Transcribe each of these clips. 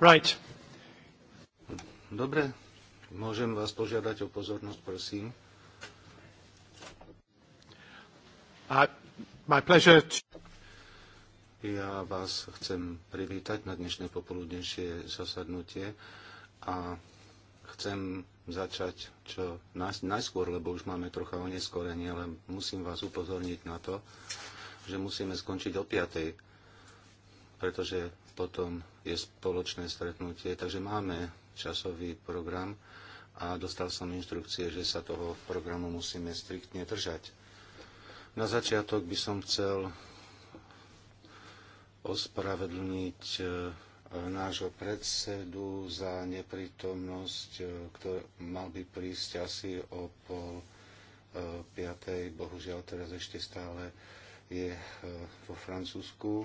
Right. Dobre, môžem vás požiadať o pozornosť, prosím. Uh, my pleasure. Ja vás chcem privítať na dnešné popoludnejšie zasadnutie a chcem začať čo najskôr, lebo už máme trocha oneskorenie, ale musím vás upozorniť na to, že musíme skončiť o piatej pretože potom je spoločné stretnutie, takže máme časový program a dostal som inštrukcie, že sa toho programu musíme striktne držať. Na začiatok by som chcel ospravedlniť e, nášho predsedu za neprítomnosť, e, ktorý mal by prísť asi o pol e, piatej, bohužiaľ teraz ešte stále je vo Francúzsku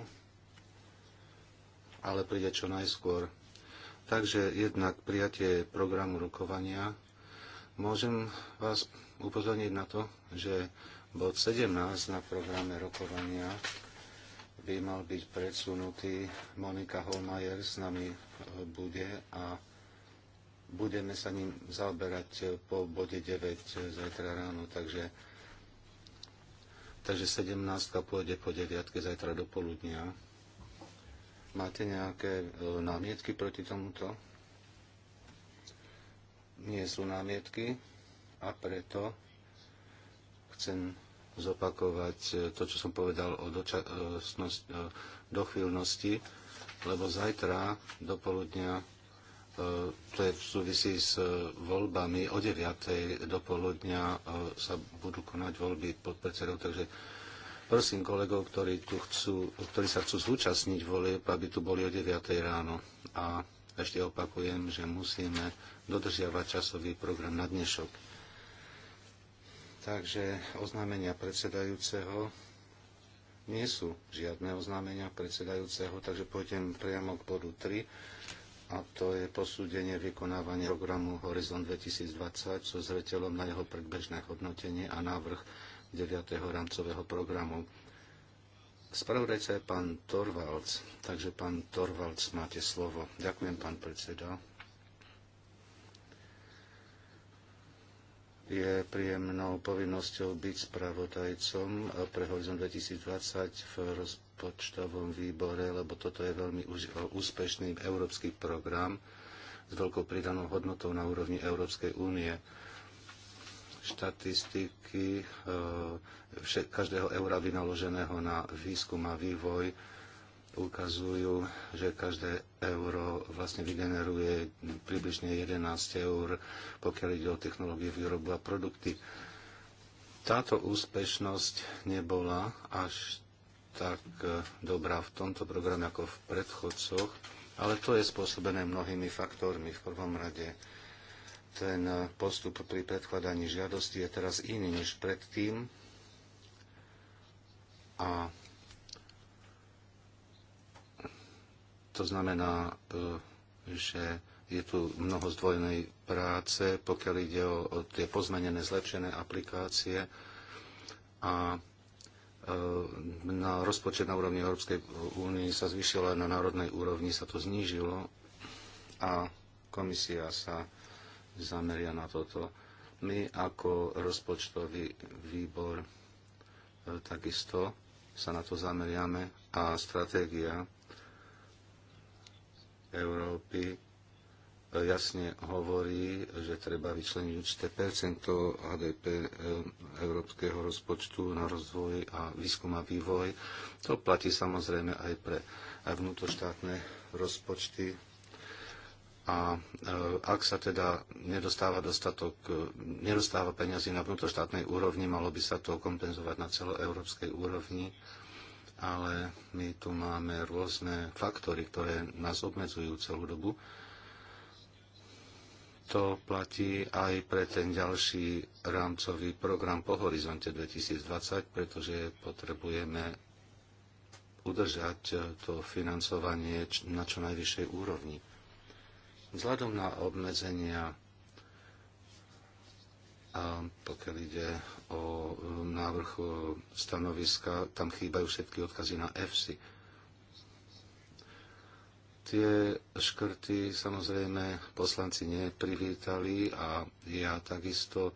ale príde čo najskôr. Takže jednak prijatie programu rokovania. Môžem vás upozorniť na to, že bod 17 na programe rokovania by mal byť predsunutý. Monika Holmajer s nami e, bude a budeme sa ním zaoberať e, po bode 9 e, zajtra ráno, takže takže 17 pôjde po 9 zajtra do poludnia. Máte nejaké e, námietky proti tomuto? Nie sú námietky a preto chcem zopakovať e, to, čo som povedal o doča- e, dochvíľnosti, lebo zajtra do poludnia, to je v súvisí s voľbami, o 9. do poludnia sa budú konať voľby podpredsedov, takže Prosím kolegov, ktorí, tu chcú, ktorí sa chcú zúčastniť volieb, aby tu boli o 9. ráno. A ešte opakujem, že musíme dodržiavať časový program na dnešok. Takže oznámenia predsedajúceho nie sú žiadne oznámenia predsedajúceho, takže pôjdem priamo k bodu 3 a to je posúdenie vykonávania programu Horizon 2020 so zreteľom na jeho predbežné hodnotenie a návrh 9. rámcového programu. Spravodajca je pán Torvalds, takže pán Torvalds, máte slovo. Ďakujem, pán predseda. Je príjemnou povinnosťou byť spravodajcom pre Horizon 2020 v rozpočtovom výbore, lebo toto je veľmi úspešný európsky program s veľkou pridanou hodnotou na úrovni Európskej únie štatistiky eh, každého eura vynaloženého na výskum a vývoj ukazujú, že každé euro vlastne vygeneruje približne 11 eur, pokiaľ ide o technológie výrobu a produkty. Táto úspešnosť nebola až tak eh, dobrá v tomto programe ako v predchodcoch, ale to je spôsobené mnohými faktormi. V prvom rade ten postup pri predkladaní žiadosti je teraz iný než predtým a to znamená, e, že je tu mnoho zdvojenej práce, pokiaľ ide o, tie pozmenené, zlepšené aplikácie a e, na rozpočet na úrovni Európskej únie sa a na národnej úrovni sa to znížilo a komisia sa zameria na toto. My ako rozpočtový výbor e, takisto sa na to zameriame a stratégia Európy e, jasne hovorí, že treba vyčleniť určité percento HDP e, európskeho rozpočtu na rozvoj a výskum a vývoj. To platí samozrejme aj pre vnútoštátne rozpočty a e, ak sa teda nedostáva dostatok, e, nedostáva peniazy na vnútroštátnej úrovni, malo by sa to kompenzovať na celoeurópskej úrovni, ale my tu máme rôzne faktory, ktoré nás obmedzujú celú dobu. To platí aj pre ten ďalší rámcový program po horizonte 2020, pretože potrebujeme udržať to financovanie na čo najvyššej úrovni. Vzhľadom na obmedzenia, a pokiaľ ide o um, návrh stanoviska, tam chýbajú všetky odkazy na EFSI. Tie škrty samozrejme poslanci neprivítali a ja takisto e,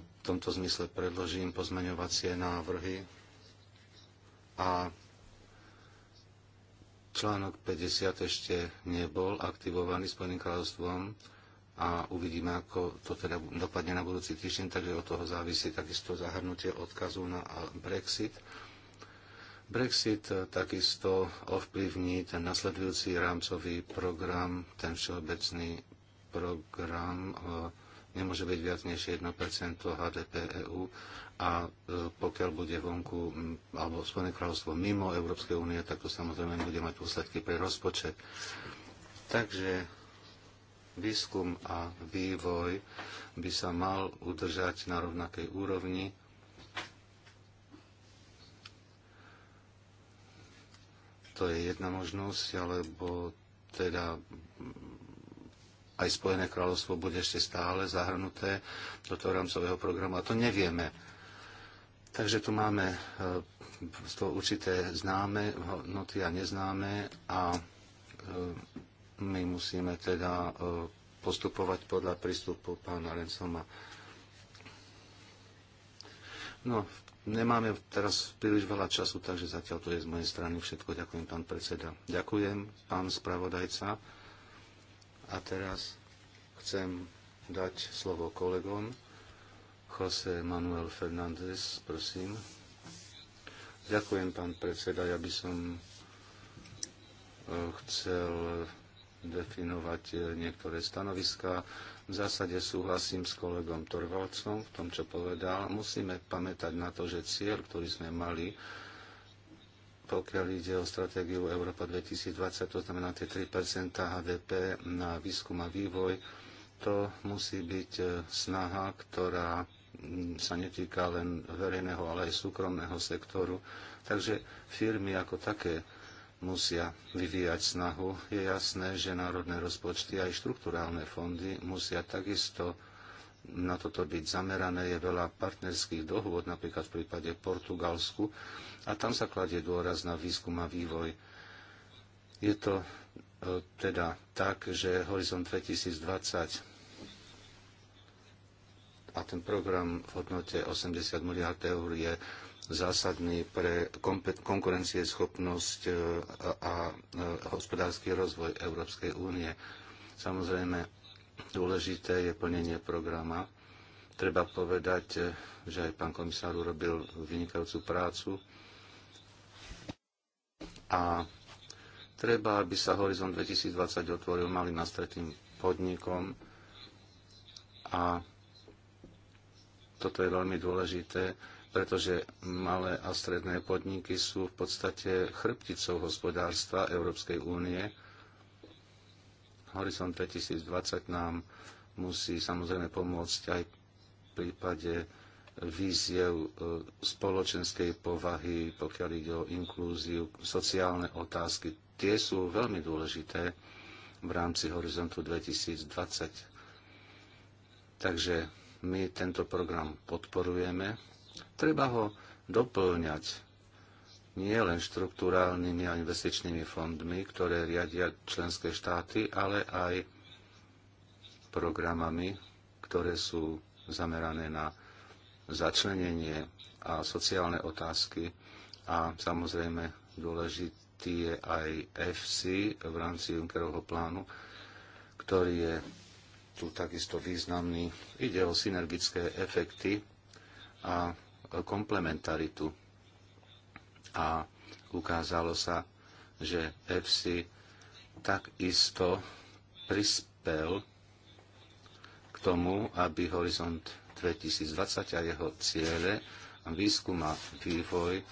v tomto zmysle predložím pozmeňovacie návrhy a Článok 50 ešte nebol aktivovaný Spojeným kráľovstvom a uvidíme, ako to teda dopadne na budúci týždeň, takže od toho závisí takisto zahrnutie odkazu na Brexit. Brexit e, takisto ovplyvní ten nasledujúci rámcový program, ten všeobecný program e, nemôže byť viac než 1% HDP EU a e, pokiaľ bude vonku alebo Spojené kráľovstvo mimo Európskej únie, tak to samozrejme bude mať dôsledky pre rozpočet. Takže výskum a vývoj by sa mal udržať na rovnakej úrovni to je jedna možnosť, alebo teda aj Spojené kráľovstvo bude ešte stále zahrnuté do toho rámcového programu. A to nevieme. Takže tu máme e, to určité známe hodnoty a neznáme a e, my musíme teda e, postupovať podľa prístupu pána Rensoma. No, nemáme teraz príliš veľa času, takže zatiaľ to je z mojej strany všetko. Ďakujem, pán predseda. Ďakujem, pán spravodajca. A teraz chcem dať slovo kolegom. José Manuel Fernández, prosím. Ďakujem, pán predseda. Ja by som eh, chcel definovať eh, niektoré stanoviská. V zásade súhlasím s kolegom Torvalcom v tom, čo povedal. Musíme pamätať na to, že cieľ, ktorý sme mali, pokiaľ ide o stratégiu Európa 2020, to znamená tie 3 HDP na výskum a vývoj, to musí byť e, snaha, ktorá sa netýka len verejného, ale aj súkromného sektoru. Takže firmy ako také musia vyvíjať snahu. Je jasné, že národné rozpočty aj štruktúrálne fondy musia takisto na toto byť zamerané. Je veľa partnerských dohôd, napríklad v prípade Portugalsku, a tam sa kladie dôraz na výskum a vývoj. Je to e, teda tak, že Horizont 2020 a ten program v hodnote 80 miliard eur je zásadný pre konkurencieschopnosť e, a hospodársky rozvoj Európskej únie. Samozrejme, Dôležité je plnenie programa. Treba povedať, eh, že aj pán komisár urobil vynikajúcu prácu a treba, aby sa Horizon 2020 otvoril malým a stretným podnikom a toto je veľmi dôležité, pretože malé a stredné podniky sú v podstate chrbticou hospodárstva Európskej únie Horizont 2020 nám musí samozrejme pomôcť aj v prípade víziev e, spoločenskej povahy, pokiaľ ide o inklúziu, sociálne otázky. Tie sú veľmi dôležité v rámci horizontu 2020. Takže my tento program podporujeme. Treba ho doplňať nie len štruktúrálnymi a investičnými fondmi, ktoré riadia členské štáty, ale aj programami, ktoré sú zamerané na začlenenie a sociálne otázky. A samozrejme dôležitý je aj FC v rámci Junckerovho plánu, ktorý je tu takisto významný. Ide o synergické efekty a komplementaritu a ukázalo sa, že EFSI takisto prispel k tomu, aby Horizont 2020 a jeho ciele, a výskum a vývoj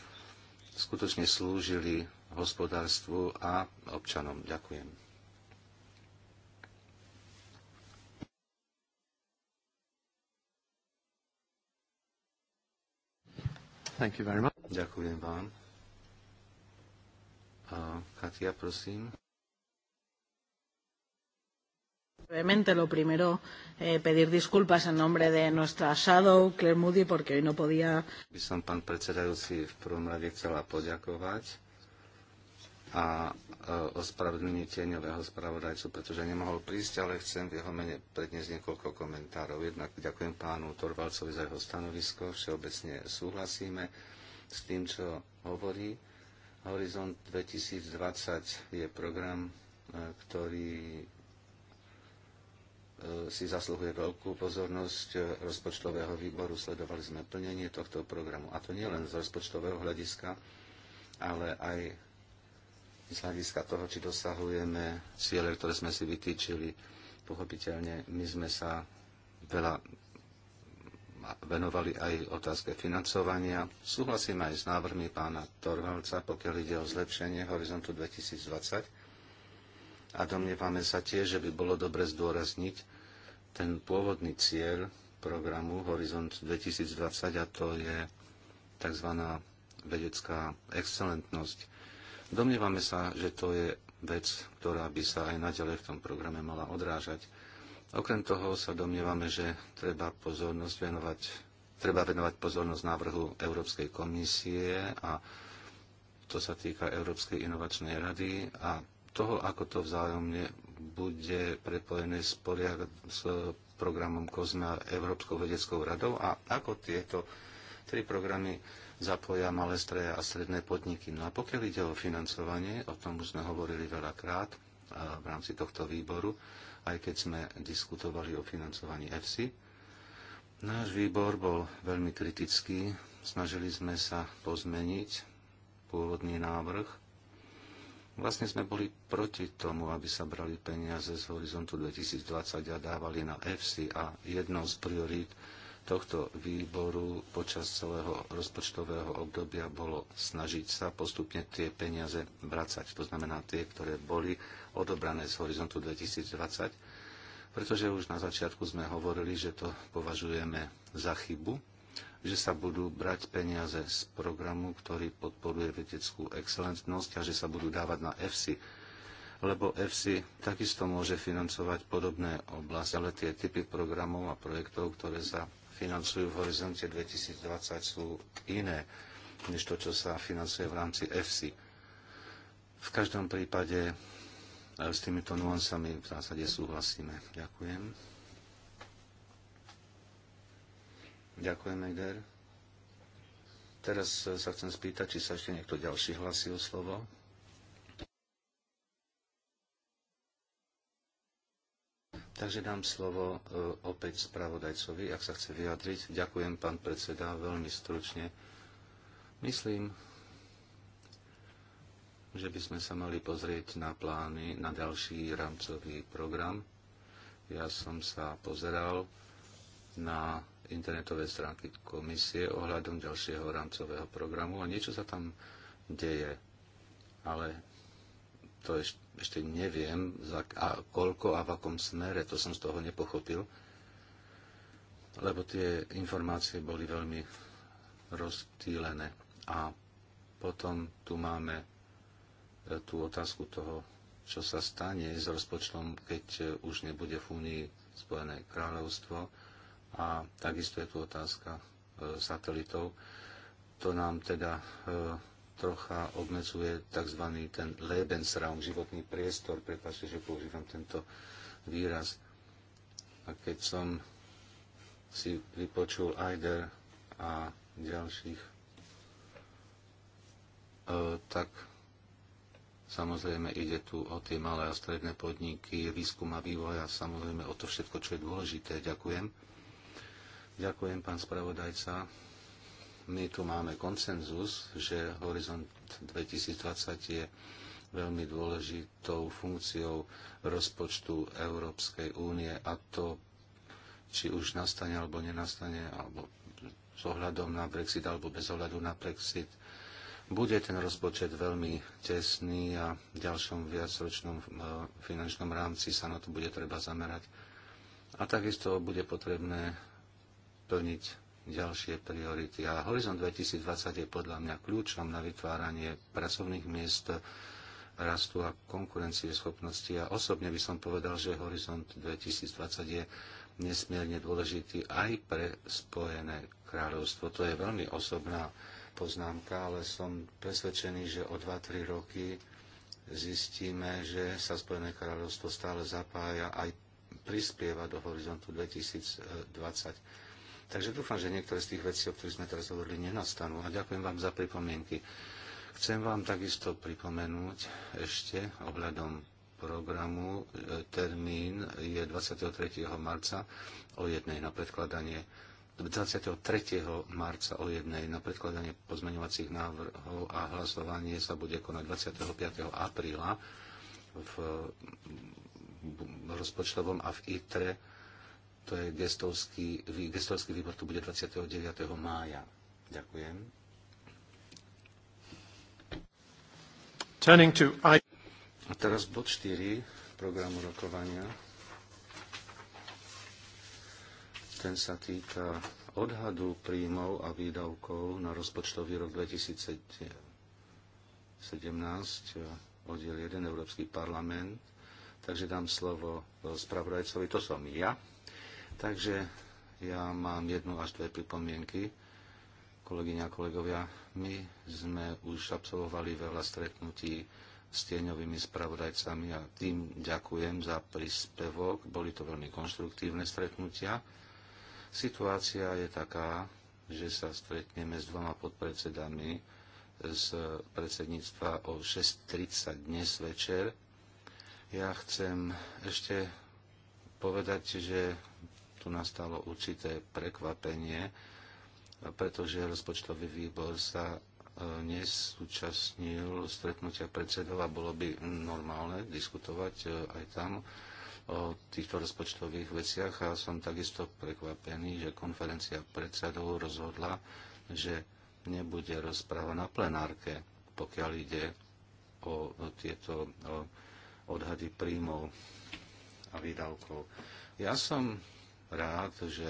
skutočne slúžili hospodárstvu a občanom. Ďakujem. Ďakujem vám. Katia, prosím. Brevemente, lo primero, eh, pedir disculpas en nombre de nuestra shadow, Claire Moody, porque hoy no podía... By som, pán predsedajúci, v prvom rade chcela poďakovať a e, ospravedlnenie tieňového spravodajcu, pretože nemohol prísť, ale chcem v jeho mene predniesť niekoľko komentárov. Jednak ďakujem pánu Torvalcovi za jeho stanovisko, všeobecne súhlasíme s tým, čo hovorí Horizont 2020 je program, e, ktorý e, si zasluhuje veľkú pozornosť e, rozpočtového výboru. Sledovali sme plnenie tohto programu. A to nie len z rozpočtového hľadiska, ale aj z hľadiska toho, či dosahujeme ciele, ktoré sme si vytýčili. Pochopiteľne, my sme sa veľa venovali aj otázke financovania. Súhlasím aj s návrhmi pána Torvalca, pokiaľ ide o zlepšenie horizontu 2020. A domnievame sa tiež, že by bolo dobre zdôrazniť ten pôvodný cieľ programu Horizont 2020 a to je tzv. vedecká excelentnosť. Domnievame sa, že to je vec, ktorá by sa aj naďalej v tom programe mala odrážať. Okrem toho sa domnievame, že treba pozornosť venovať treba venovať pozornosť návrhu Európskej komisie a to sa týka Európskej inovačnej rady a toho, ako to vzájomne bude prepojené s, poriad, s programom COSME a Európskou vedeckou radou a ako tieto tri programy zapoja malé streje a stredné podniky. No a pokiaľ ide o financovanie, o tom už sme hovorili veľakrát v rámci tohto výboru, aj keď sme diskutovali o financovaní EFSI. Náš výbor bol veľmi kritický, snažili sme sa pozmeniť pôvodný návrh. Vlastne sme boli proti tomu, aby sa brali peniaze z horizontu 2020 a dávali na EFSI a jednou z priorít tohto výboru počas celého rozpočtového obdobia bolo snažiť sa postupne tie peniaze vracať. To znamená tie, ktoré boli odobrané z horizontu 2020, pretože už na začiatku sme hovorili, že to považujeme za chybu, že sa budú brať peniaze z programu, ktorý podporuje vedeckú excelentnosť a že sa budú dávať na EFSI lebo EFSI takisto môže financovať podobné oblasti, ale tie typy programov a projektov, ktoré sa financujú v horizonte 2020, sú iné než to, čo sa financuje v rámci EFSI. V každom prípade e, s týmito nuansami v zásade súhlasíme. Ďakujem. Ďakujem, Eger. Teraz e, sa chcem spýtať, či sa ešte niekto ďalší hlasí o slovo. Takže dám slovo e, opäť spravodajcovi, ak sa chce vyjadriť. Ďakujem, pán predseda, veľmi stručne. Myslím, že by sme sa mali pozrieť na plány na ďalší rámcový program. Ja som sa pozeral na internetové stránky komisie ohľadom ďalšieho rámcového programu a niečo sa tam deje. Ale to ešte ešte neviem, za, a koľko a v akom smere, to som z toho nepochopil, lebo tie informácie boli veľmi rozptýlené. A potom tu máme e, tú otázku toho, čo sa stane s rozpočtom, keď e, už nebude v Únii Spojené kráľovstvo. A takisto je tu otázka e, satelitov. To nám teda e, trocha obmedzuje tzv. ten Lebensraum, životný priestor. Prepáčte, že používam tento výraz. A keď som si vypočul Eider a ďalších, e, tak samozrejme ide tu o tie malé a stredné podniky, výskum a vývoj a samozrejme o to všetko, čo je dôležité. Ďakujem. Ďakujem, pán spravodajca my tu máme koncenzus, že Horizont 2020 je veľmi dôležitou funkciou rozpočtu Európskej únie a to, či už nastane alebo nenastane, alebo s ohľadom na Brexit alebo bez ohľadu na Brexit, bude ten rozpočet veľmi tesný a v ďalšom viacročnom e, finančnom rámci sa na to bude treba zamerať. A takisto bude potrebné plniť ďalšie priority. A Horizon 2020 je podľa mňa kľúčom na vytváranie pracovných miest, rastu a konkurencie schopnosti. A osobne by som povedal, že Horizont 2020 je nesmierne dôležitý aj pre Spojené kráľovstvo. To je veľmi osobná poznámka, ale som presvedčený, že o 2-3 roky zistíme, že sa Spojené kráľovstvo stále zapája aj prispieva do horizontu 2020 Takže dúfam, že niektoré z tých vecí, o ktorých sme teraz hovorili, nenastanú. A ďakujem vám za pripomienky. Chcem vám takisto pripomenúť ešte ohľadom programu. E, termín je 23. marca o jednej na predkladanie 23. marca o jednej na predkladanie pozmeňovacích návrhov a hlasovanie sa bude konať 25. apríla v mm, rozpočtovom a v ITRE to je gestovský, gestovský výbor, to bude 29. mája. Ďakujem. Turning to I... A teraz bod 4 programu rokovania. Ten sa týka odhadu príjmov a výdavkov na rozpočtový rok 2017 oddiel 1 Európsky parlament. Takže dám slovo spravodajcovi, to som ja. Takže ja mám jednu až dve pripomienky. Kolegyňa a kolegovia, my sme už absolvovali veľa stretnutí s tieňovými spravodajcami a tým ďakujem za príspevok. Boli to veľmi konštruktívne stretnutia. Situácia je taká, že sa stretneme s dvoma podpredsedami z predsedníctva o 6.30 dnes večer. Ja chcem ešte povedať, že tu nastalo určité prekvapenie, pretože rozpočtový výbor sa e, nesúčastnil stretnutia predsedov a bolo by normálne diskutovať e, aj tam o týchto rozpočtových veciach a som takisto prekvapený, že konferencia predsedov rozhodla, že nebude rozpráva na plenárke, pokiaľ ide o tieto odhady príjmov a výdavkov. Ja som rád, že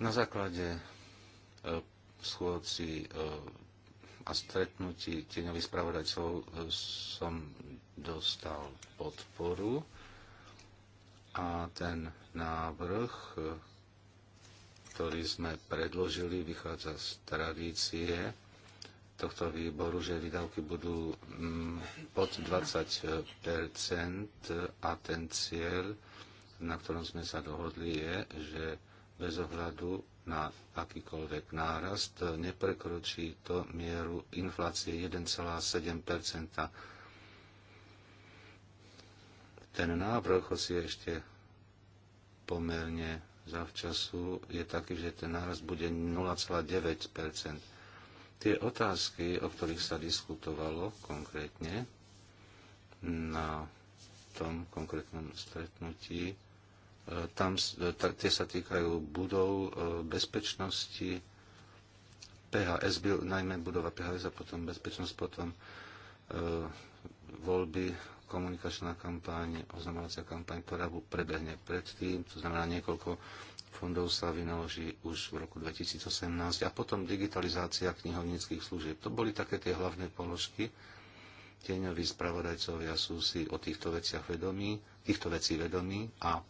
na základe e, schôdci e, a stretnutí tieňových spravodajcov e, som dostal podporu a ten návrh, ktorý sme predložili, vychádza z tradície tohto výboru, že výdavky budú mm, pod 20 a ten cieľ na ktorom sme sa dohodli, je, že bez ohľadu na akýkoľvek nárast neprekročí to mieru inflácie 1,7 Ten návrh, si ešte pomerne zavčasu, je taký, že ten nárast bude 0,9 Tie otázky, o ktorých sa diskutovalo konkrétne na tom konkrétnom stretnutí, tam e, tie sa týkajú budov e, bezpečnosti, PHS, najmä budova PHS a potom bezpečnosť, potom e, voľby, komunikačná kampaň, oznamovacia kampaň, ktorá prebehne predtým, to znamená niekoľko fondov sa vynaloží už v roku 2018 a potom digitalizácia knihovníckých služieb. To boli také tie hlavné položky. Tieňoví spravodajcovia sú si o týchto veciach vedomí, týchto vecí vedomí a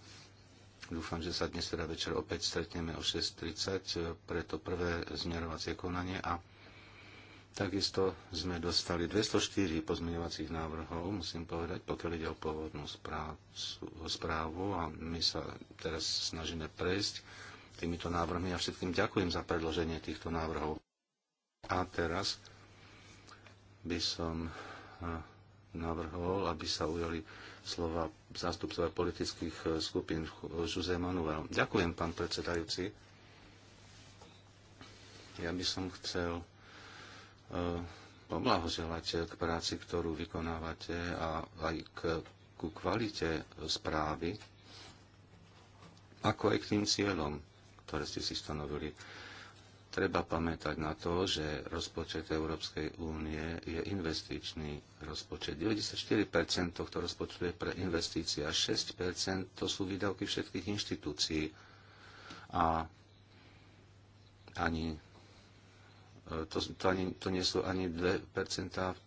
Dúfam, že sa dnes teda večer opäť stretneme o 6.30 pre to prvé zmierovacie konanie a takisto sme dostali 204 pozmeňovacích návrhov, musím povedať, pokiaľ ide o pôvodnú správu a my sa teraz snažíme prejsť týmito návrhmi a všetkým ďakujem za predloženie týchto návrhov. A teraz by som e, navrhol, aby sa ujali slova zástupcovia politických eh, skupín Žuze eh, Manuel. Ďakujem, pán predsedajúci. Ja by som chcel eh, poblahoželať k práci, ktorú vykonávate a aj k, ku kvalite správy, ako aj k tým cieľom, ktoré ste si stanovili. Treba pamätať na to, že rozpočet Európskej únie je investičný rozpočet. 94% tohto rozpočtu je pre investície a 6% to sú výdavky všetkých inštitúcií. A ani e, to, to, ani, to nie sú ani 2%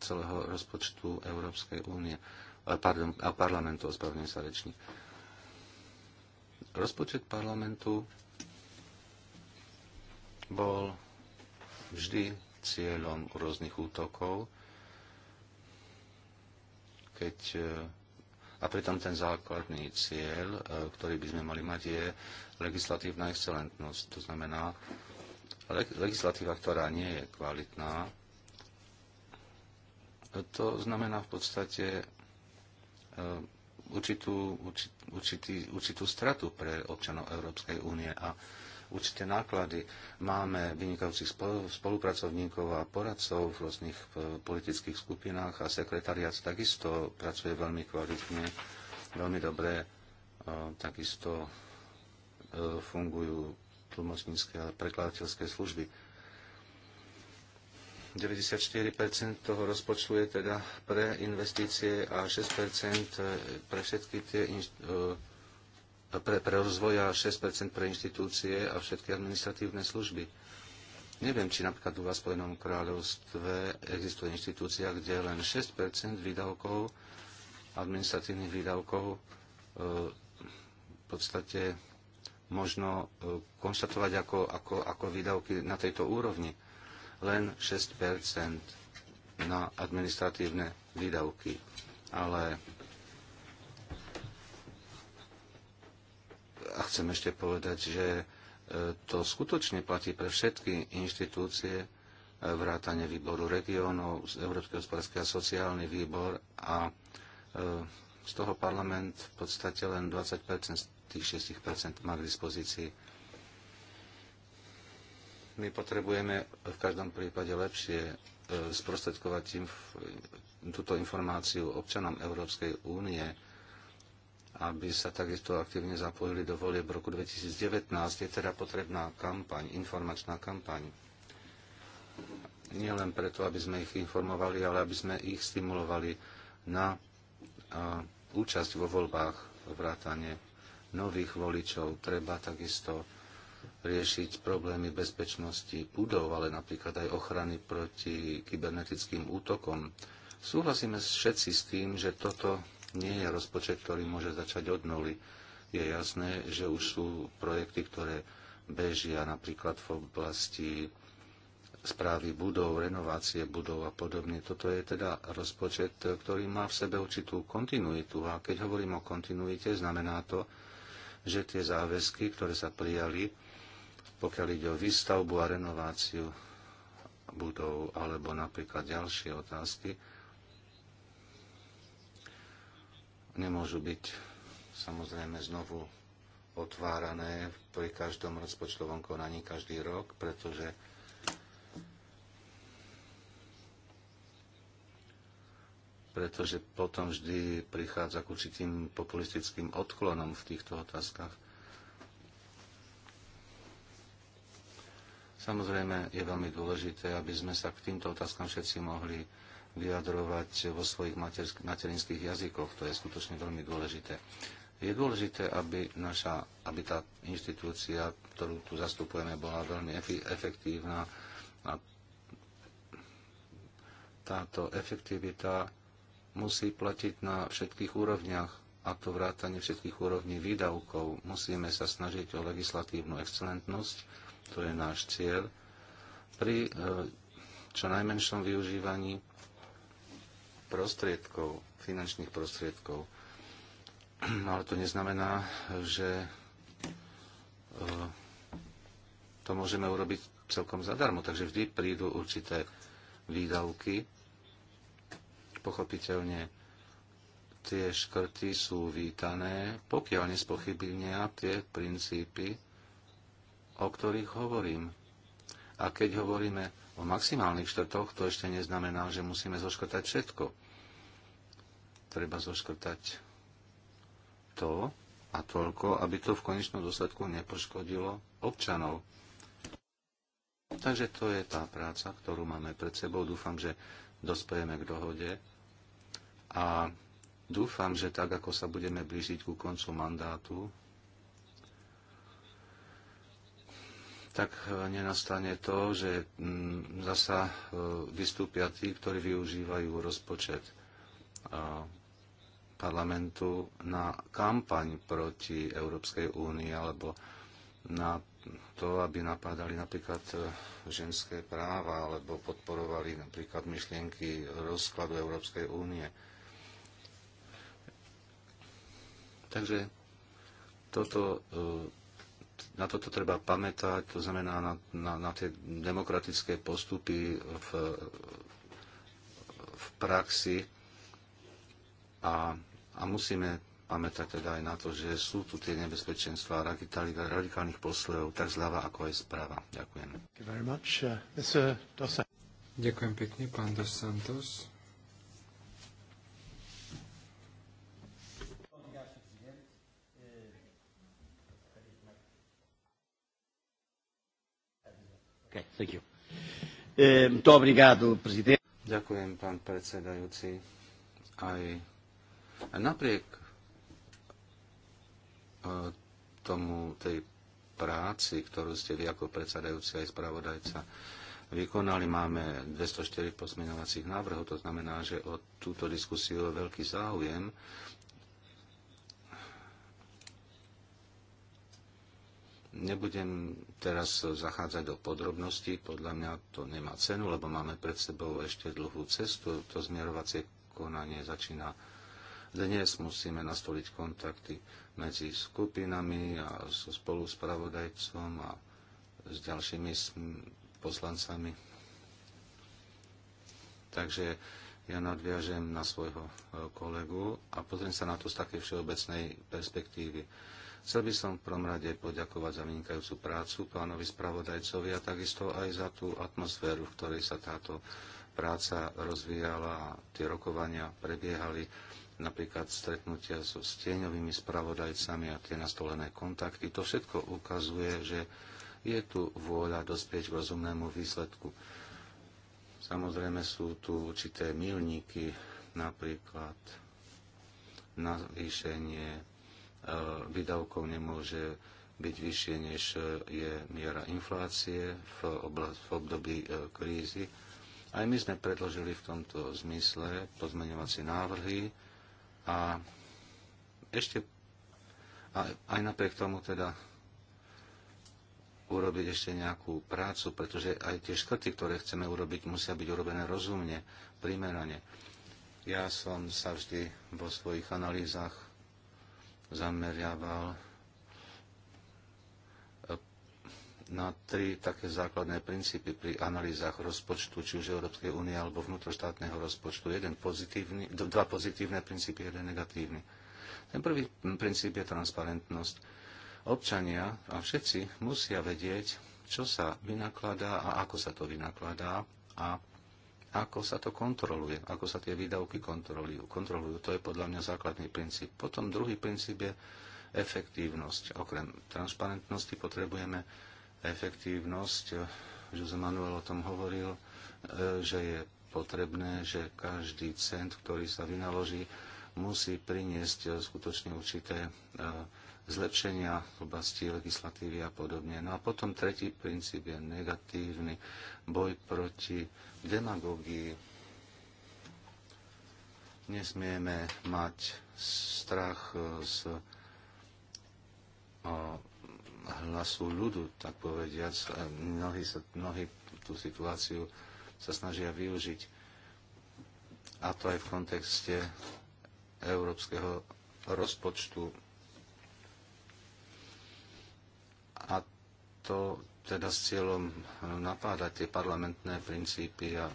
celého rozpočtu Európskej únie, e, pardon, a parlamentu, ospravedlňujem sa rečník. Rozpočet parlamentu bol vždy cieľom rôznych útokov, keď e, a pritom ten základný cieľ, e, ktorý by sme mali mať, je legislatívna excelentnosť. To znamená, legislatíva, ktorá nie je kvalitná, to znamená v podstate e, určitú, určitý, určitú stratu pre občanov Európskej únie. A určité náklady. Máme vynikajúcich spolupracovníkov a poradcov v rôznych eh, politických skupinách a sekretariat takisto pracuje veľmi kvalitne, veľmi dobre. Eh, takisto eh, fungujú tlmočnícke a prekladateľské služby. 94% toho rozpočtu je teda pre investície a 6% pre všetky tie pre, pre rozvoj a 6% pre inštitúcie a všetky administratívne služby. Neviem, či napríklad u vás v Spojenom kráľovstve existuje inštitúcia, kde len 6% výdavkov, administratívnych výdavkov e, v podstate možno e, konštatovať ako, ako, ako výdavky na tejto úrovni. Len 6% na administratívne výdavky. Ale a chcem ešte povedať, že e, to skutočne platí pre všetky inštitúcie, e, vrátane výboru regiónov, Európskej hospodárskej a sociálny výbor a e, z toho parlament v podstate len 20 z tých 6 má k dispozícii. My potrebujeme v každom prípade lepšie sprostredkovať im túto informáciu občanom Európskej únie, aby sa takisto aktívne zapojili do volieb v roku 2019. Je teda potrebná kampaň, informačná kampaň. Nie len preto, aby sme ich informovali, ale aby sme ich stimulovali na účasť vo voľbách, vrátane nových voličov. Treba takisto riešiť problémy bezpečnosti budov, ale napríklad aj ochrany proti kybernetickým útokom. Súhlasíme všetci s tým, že toto nie je rozpočet, ktorý môže začať od nuly. Je jasné, že už sú projekty, ktoré bežia napríklad v oblasti správy budov, renovácie budov a podobne. Toto je teda rozpočet, ktorý má v sebe určitú kontinuitu. A keď hovorím o kontinuite, znamená to, že tie záväzky, ktoré sa prijali, pokiaľ ide o výstavbu a renováciu budov alebo napríklad ďalšie otázky, nemôžu byť samozrejme znovu otvárané pri každom rozpočtovom konaní každý rok, pretože pretože potom vždy prichádza k určitým populistickým odklonom v týchto otázkach. Samozrejme, je veľmi dôležité, aby sme sa k týmto otázkam všetci mohli vyjadrovať vo svojich materinských jazykoch. To je skutočne veľmi dôležité. Je dôležité, aby, naša, aby tá inštitúcia, ktorú tu zastupujeme, bola veľmi efektívna. A táto efektivita musí platiť na všetkých úrovniach, a to vrátanie všetkých úrovní výdavkov. Musíme sa snažiť o legislatívnu excelentnosť, to je náš cieľ, pri e, čo najmenšom využívaní prostriedkov, finančných prostriedkov. Ale to neznamená, že e, to môžeme urobiť celkom zadarmo. Takže vždy prídu určité výdavky. Pochopiteľne tie škrty sú vítané, pokiaľ nespochybnia tie princípy, o ktorých hovorím. A keď hovoríme o maximálnych štvrtoch, to ešte neznamená, že musíme zoškrtať všetko. Treba zoškrtať to a toľko, aby to v konečnom dôsledku nepoškodilo občanov. Takže to je tá práca, ktorú máme pred sebou. Dúfam, že dospejeme k dohode a dúfam, že tak, ako sa budeme blížiť ku koncu mandátu, tak e, nenastane to, že mm, zasa e, vystúpia tí, ktorí využívajú rozpočet e, parlamentu na kampaň proti Európskej únii alebo na to, aby napadali napríklad ženské práva alebo podporovali napríklad myšlienky rozkladu Európskej únie. Takže toto na toto treba pamätať, to znamená na, na, na tie demokratické postupy v, v praxi a, a musíme pamätať teda aj na to, že sú tu tie nebezpečenstvá radikálnych poslov, tak zľava ako aj správa. Ďakujem. Uh, Ďakujem pekne, pán Dos Santos. Okay, thank you. E, ehm, to obrigado, prezident. Ďakujem, pán predsedajúci. Aj napriek e, tomu tej práci, ktorú ste vy ako predsedajúci aj spravodajca vykonali. Máme 204 pozmeňovacích návrhov, to znamená, že o túto diskusiu je veľký záujem. Nebudem teraz zachádzať do podrobností, podľa mňa to nemá cenu, lebo máme pred sebou ešte dlhú cestu. To zmierovacie konanie začína dnes. Musíme nastoliť kontakty medzi skupinami a so spoluspravodajcom a s ďalšími poslancami. Takže ja nadviažem na svojho e, kolegu a pozriem sa na to z takej všeobecnej perspektívy Chcel by som v prvom rade poďakovať za vynikajúcu prácu pánovi spravodajcovi a takisto aj za tú atmosféru, v ktorej sa táto práca rozvíjala a tie rokovania prebiehali napríklad stretnutia so stieňovými spravodajcami a tie nastolené kontakty. To všetko ukazuje, že je tu vôľa dospieť k rozumnému výsledku. Samozrejme sú tu určité milníky, napríklad navýšenie výdavkov nemôže byť vyššie, než je miera inflácie v, v období e, krízy. Aj my sme predložili v tomto zmysle pozmeňovacie návrhy a ešte aj napriek tomu teda urobiť ešte nejakú prácu, pretože aj tie škrty, ktoré chceme urobiť, musia byť urobené rozumne, primerane. Ja som sa vždy vo svojich analýzach zameriaval e, na tri také základné princípy pri analýzach rozpočtu, či už Európskej únie alebo vnútroštátneho rozpočtu. Jeden pozitívny, dva pozitívne princípy, jeden negatívny. Ten prvý princíp je transparentnosť. Občania a všetci musia vedieť, čo sa vynakladá a ako sa to vynakladá a ako sa to kontroluje, ako sa tie výdavky kontrolujú. kontrolujú. To je podľa mňa základný princíp. Potom druhý princíp je efektívnosť. Okrem transparentnosti potrebujeme efektívnosť. Jose Manuel o tom hovoril, e, že je potrebné, že každý cent, ktorý sa vynaloží, musí priniesť e, skutočne určité e, zlepšenia v oblasti legislatívy a podobne. No a potom tretí princíp je negatívny boj proti demagógii. Nesmieme mať strach e, z e, hlasu ľudu, tak povediať, e, Mnohí, sa, mnohí tú situáciu sa snažia využiť. A to aj v kontexte európskeho rozpočtu to teda s cieľom eh, napádať tie parlamentné princípy a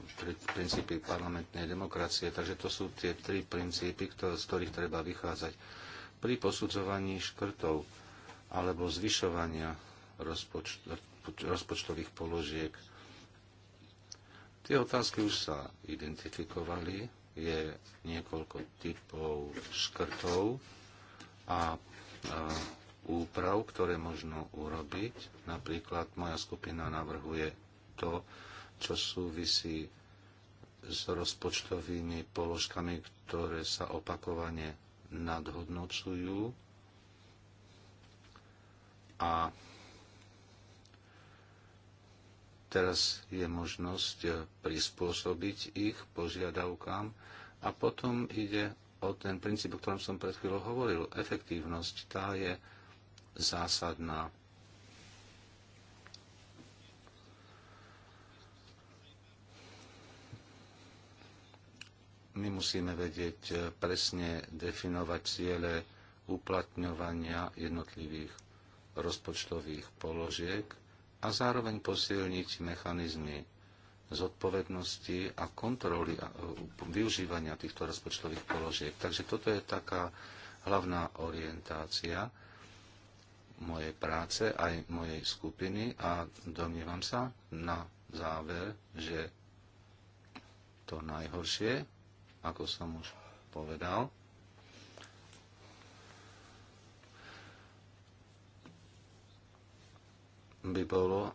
princípy parlamentnej demokracie. Takže to sú tie tri princípy, z ktorých treba vychádzať pri posudzovaní škrtov alebo zvyšovania rozpočt, eh, rozpočtových položiek. Tie otázky už sa identifikovali. Je niekoľko typov škrtov a, a eh, úprav, ktoré možno urobiť. Napríklad moja skupina navrhuje to, čo súvisí s rozpočtovými položkami, ktoré sa opakovane nadhodnocujú a teraz je možnosť prispôsobiť ich požiadavkám a potom ide o ten princíp, o ktorom som pred chvíľou hovoril. Efektívnosť tá je zásadná. My musíme vedieť presne definovať ciele uplatňovania jednotlivých rozpočtových položiek a zároveň posilniť mechanizmy zodpovednosti a kontroly a e, využívania týchto rozpočtových položiek. Takže toto je taká hlavná orientácia mojej práce, aj mojej skupiny a domnívam sa na záver, že to najhoršie, ako som už povedal, by bolo,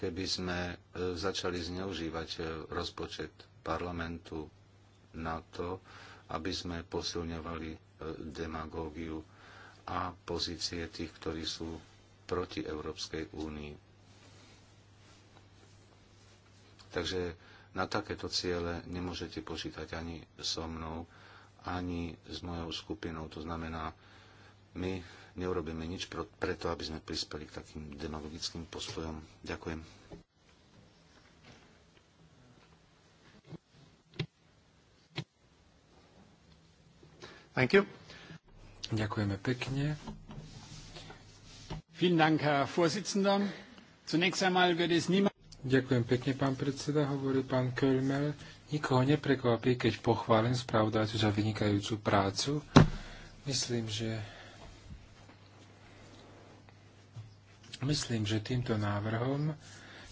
keby sme e, začali zneužívať e, rozpočet parlamentu na to, aby sme posilňovali e, demagógiu a pozície tých, ktorí sú proti Európskej únii. Takže na takéto ciele nemôžete počítať ani so mnou, ani s mojou skupinou. To znamená, my neurobíme nič preto, aby sme prispeli k takým demagogickým postojom. Ďakujem. Thank you. Ďakujeme pekne. Ďakujem pekne, pán predseda, hovorí pán Kölmel. Nikoho neprekvapí, keď pochválim spravodajcu za vynikajúcu prácu. Myslím, že Myslím, že týmto návrhom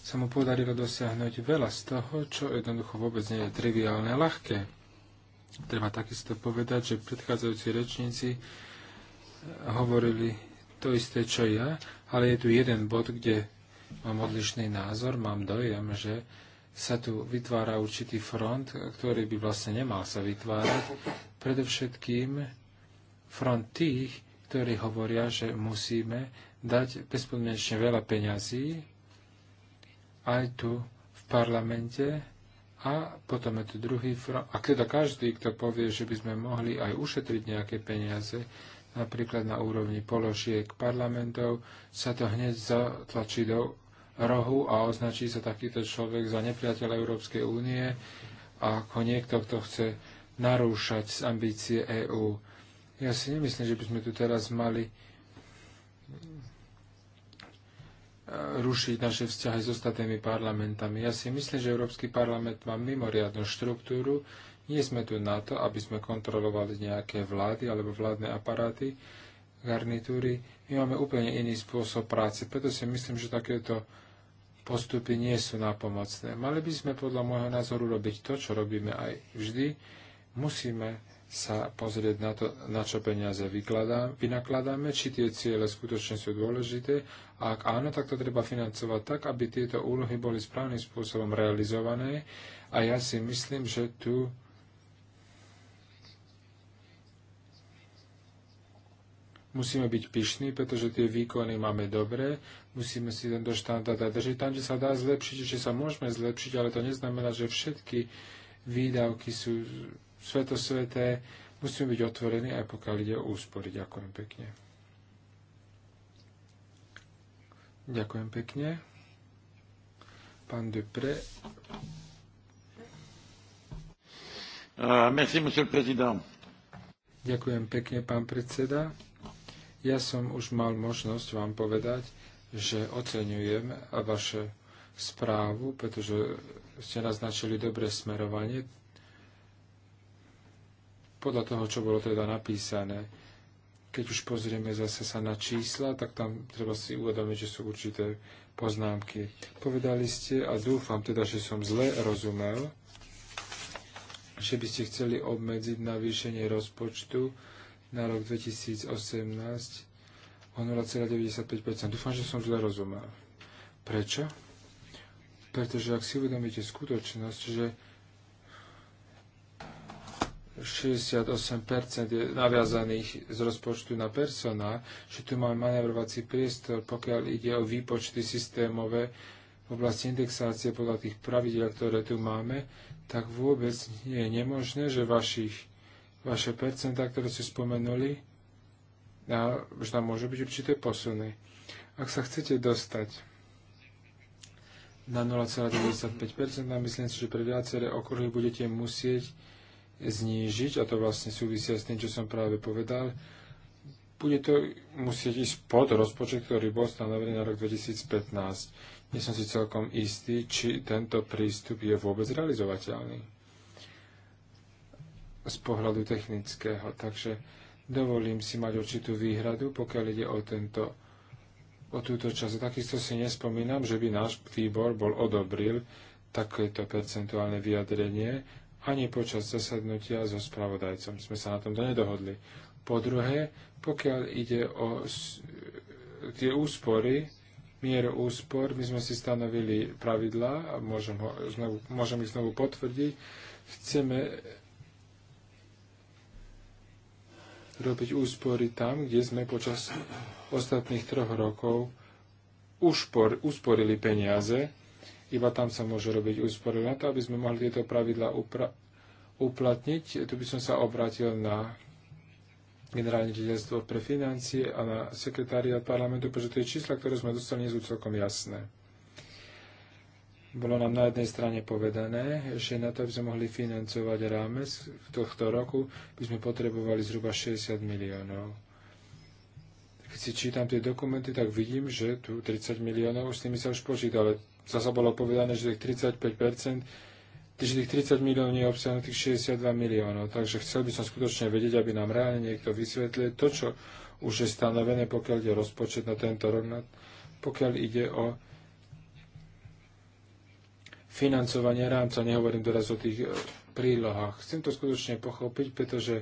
sa mu podarilo dosiahnuť veľa z toho, čo jednoducho vôbec nie je triviálne ľahké. Treba takisto povedať, že predchádzajúci rečníci hovorili to isté, čo ja, ale je tu jeden bod, kde mám odlišný názor, mám dojem, že sa tu vytvára určitý front, ktorý by vlastne nemal sa vytvárať. Predovšetkým front tých, ktorí hovoria, že musíme dať bezpodmienečne veľa peňazí aj tu v parlamente a potom je tu druhý front. A teda každý, kto povie, že by sme mohli aj ušetriť nejaké peniaze, napríklad na úrovni položiek parlamentov, sa to hneď zatlačí do rohu a označí sa takýto človek za nepriateľ Európskej únie ako niekto, kto chce narúšať z ambície EÚ. Ja si nemyslím, že by sme tu teraz mali rušiť naše vzťahy s ostatnými parlamentami. Ja si myslím, že Európsky parlament má mimoriadnu štruktúru. Nie sme tu na to, aby sme kontrolovali nejaké vlády alebo vládne aparáty, garnitúry. My máme úplne iný spôsob práce, preto si myslím, že takéto postupy nie sú napomocné. Mali by sme podľa môjho názoru robiť to, čo robíme aj vždy. Musíme sa pozrieť na to, na čo peniaze vynakladáme, či tie ciele skutočne sú dôležité a ak áno, tak to treba financovať tak, aby tieto úlohy boli správnym spôsobom realizované a ja si myslím, že tu musíme byť pyšní, pretože tie výkony máme dobré, musíme si tento štandard držiť. Tam, kde sa dá zlepšiť, že sa môžeme zlepšiť, ale to neznamená, že všetky výdavky sú svetosveté, musíme byť otvorení aj pokiaľ ide o úspory. Ďakujem pekne. Ďakujem pekne. Pán Depre. Uh, merci, monsieur le président. Ďakujem pekne, pán predseda. Ja som už mal možnosť vám povedať, že oceňujem vaše správu, pretože ste naznačili dobré smerovanie podľa toho, čo bolo teda napísané. Keď už pozrieme zase sa na čísla, tak tam treba si uvedomiť, že sú určité poznámky. Povedali ste, a dúfam teda, že som zle rozumel, že by ste chceli obmedziť navýšenie rozpočtu na rok 2018 o 0,95%. Dúfam, že som zle rozumel. Prečo? Pretože ak si uvedomíte skutočnosť, že 68% je naviazaných z rozpočtu na persona, že tu máme manevrovací priestor, pokiaľ ide o výpočty systémové v oblasti indexácie podľa tých pravidel, ktoré tu máme, tak vôbec nie je nemožné, že vašich, vaše percentá, ktoré ste spomenuli, a už tam môžu byť určité posuny. Ak sa chcete dostať na 0,95%, myslím si, že pre viaceré okruhy budete musieť znížiť, a to vlastne súvisia s tým, čo som práve povedal, bude to musieť ísť pod rozpočet, ktorý bol stanovený na rok 2015. Nie som si celkom istý, či tento prístup je vôbec realizovateľný z pohľadu technického. Takže dovolím si mať určitú výhradu, pokiaľ ide o, tento, o túto časť. Takisto si nespomínam, že by náš výbor bol odobril takéto percentuálne vyjadrenie ani počas zasadnutia so spravodajcom. Sme sa na tomto nedohodli. Po druhé, pokiaľ ide o tie úspory, mieru úspor, my sme si stanovili pravidlá a môžem, ho znovu, môžem ich znovu potvrdiť. Chceme robiť úspory tam, kde sme počas ostatných troch rokov ušpor, usporili peniaze iba tam sa môže robiť úspory. Na to, aby sme mohli tieto pravidla uplatniť, tu by som sa obrátil na generálne riaditeľstvo pre financie a na sekretariat parlamentu, pretože tie čísla, ktoré sme dostali, nie sú celkom jasné. Bolo nám na jednej strane povedané, že na to, aby sme mohli financovať rámec v tohto roku, by sme potrebovali zhruba 60 miliónov. Keď si čítam tie dokumenty, tak vidím, že tu 30 miliónov, s nimi sa už počíta, ale zase bolo povedané, že tých 35%, že tých 30 miliónov je obsiahnutých 62 miliónov. Takže chcel by som skutočne vedieť, aby nám reálne niekto vysvetlil to, čo už je stanovené, pokiaľ ide rozpočet na tento rok, pokiaľ ide o financovanie rámca, nehovorím teraz o tých e, prílohách. Chcem to skutočne pochopiť, pretože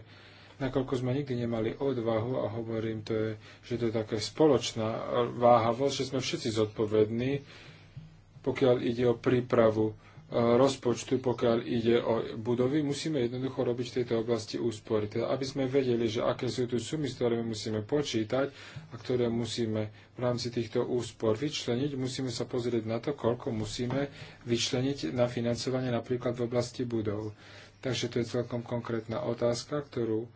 nakoľko sme nikdy nemali odvahu, a hovorím, to je, že to je také spoločná e, váhavosť, že sme všetci zodpovední, pokiaľ ide o prípravu e, rozpočtu, pokiaľ ide o budovy, musíme jednoducho robiť v tejto oblasti úspory. Teda, aby sme vedeli, že aké sú tu sumy, s ktorými musíme počítať a ktoré musíme v rámci týchto úspor vyčleniť, musíme sa pozrieť na to, koľko musíme vyčleniť na financovanie napríklad v oblasti budov. Takže to je celkom konkrétna otázka, ktorú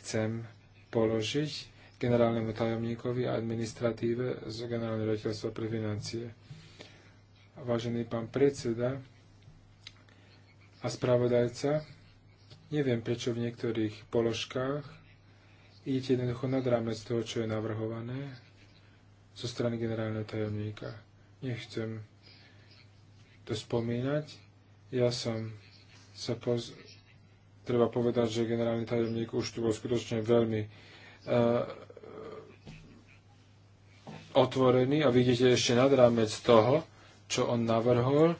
chcem položiť generálnemu tajomníkovi a administratíve z generálneho rejiteľstva pre financie vážený pán predseda a spravodajca, neviem prečo v niektorých položkách idete jednoducho nad rámec toho, čo je navrhované zo strany generálneho tajomníka. Nechcem to spomínať. Ja som sa poz... Treba povedať, že generálny tajomník už tu bol skutočne veľmi uh, otvorený a vidíte ešte nad rámec toho, čo on navrhol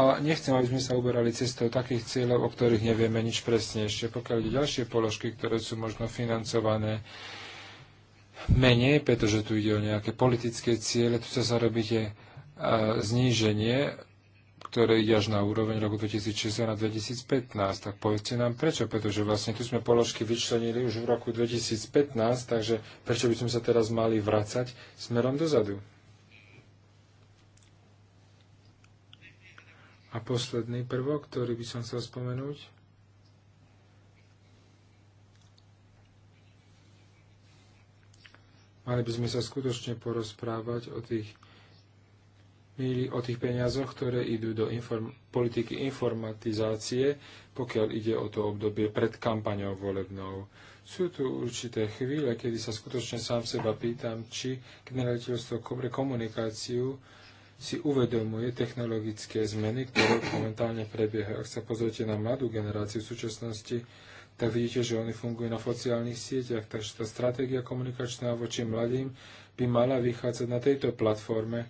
a nechcem, aby sme sa uberali cestou takých cieľov, o ktorých nevieme nič presnejšie. Pokiaľ ide ďalšie položky, ktoré sú možno financované menej, pretože tu ide o nejaké politické ciele, tu sa zarobíte zníženie, ktoré ide až na úroveň roku 2016 na 2015. Tak povedzte nám prečo, pretože vlastne tu sme položky vyčlenili už v roku 2015, takže prečo by sme sa teraz mali vracať smerom dozadu? A posledný prvok, ktorý by som chcel spomenúť, mali by sme sa skutočne porozprávať o tých, o tých peniazoch, ktoré idú do inform, politiky informatizácie, pokiaľ ide o to obdobie pred kampaňou volebnou. Sú tu určité chvíle, kedy sa skutočne sám seba pýtam, či generateľstvo komunikáciu si uvedomuje technologické zmeny, ktoré momentálne prebiehajú. Ak sa pozriete na mladú generáciu v súčasnosti, tak vidíte, že oni fungujú na sociálnych sieťach, takže tá stratégia komunikačná voči mladým by mala vychádzať na tejto platforme.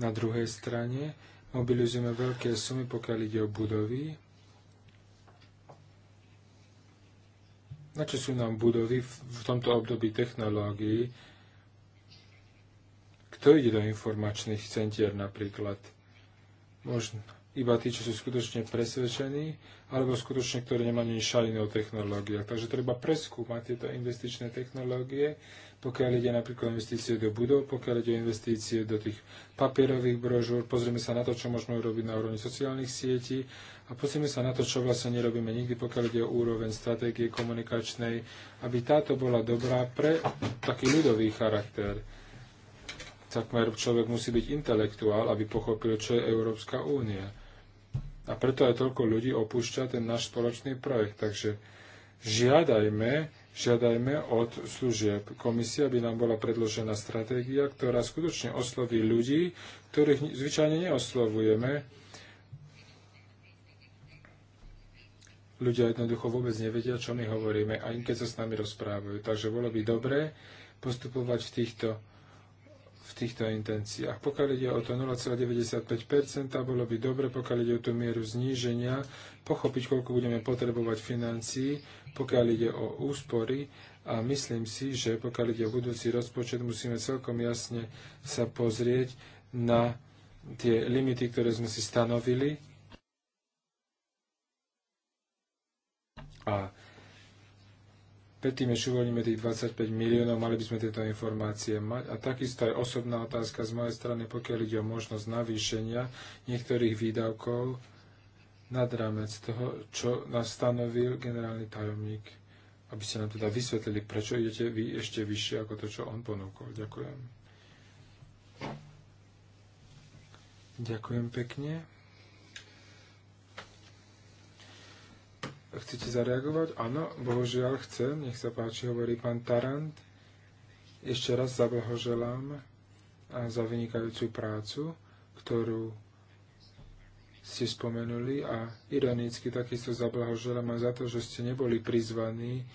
Na druhej strane mobilizujeme veľké sumy, pokiaľ ide o budovy, na čo sú nám budovy v tomto období technológií, kto ide do informačných centier napríklad. Možno iba tí, čo sú skutočne presvedčení, alebo skutočne, ktorí nemajú ani šaliny o technológiách. Takže treba preskúmať tieto investičné technológie pokiaľ ide napríklad investície do budov, pokiaľ ide investície do tých papierových brožúr, pozrieme sa na to, čo môžeme urobiť na úrovni sociálnych sietí a pozrieme sa na to, čo vlastne nerobíme nikdy, pokiaľ ide o úroveň stratégie komunikačnej, aby táto bola dobrá pre taký ľudový charakter. Takmer človek musí byť intelektuál, aby pochopil, čo je Európska únia. A preto aj toľko ľudí opúšťa ten náš spoločný projekt. Takže žiadajme, Žiadajme od služieb komisie, aby nám bola predložená stratégia, ktorá skutočne osloví ľudí, ktorých zvyčajne neoslovujeme. Ľudia jednoducho vôbec nevedia, čo my hovoríme, aj keď sa s nami rozprávajú. Takže bolo by dobré postupovať v týchto v týchto intenciách. Pokiaľ ide o to 0,95%, bolo by dobre, pokiaľ ide o tú mieru zníženia, pochopiť, koľko budeme potrebovať financií, pokiaľ ide o úspory a myslím si, že pokiaľ ide o budúci rozpočet, musíme celkom jasne sa pozrieť na tie limity, ktoré sme si stanovili a predtým, než uvoľníme tých 25 miliónov, mali by sme tieto informácie mať. A takisto aj osobná otázka z mojej strany, pokiaľ ide o možnosť navýšenia niektorých výdavkov nad rámec toho, čo nás stanovil generálny tajomník, aby ste nám teda vysvetlili, prečo idete vy ešte vyššie ako to, čo on ponúkol. Ďakujem. Ďakujem pekne. Chcete zareagovať? Áno, bohužiaľ chcem. Nech sa páči, hovorí pán Tarant. Ešte raz zablahoželám eh, za vynikajúcu prácu, ktorú ste spomenuli a ironicky takisto zablahoželám aj za to, že ste neboli prizvaní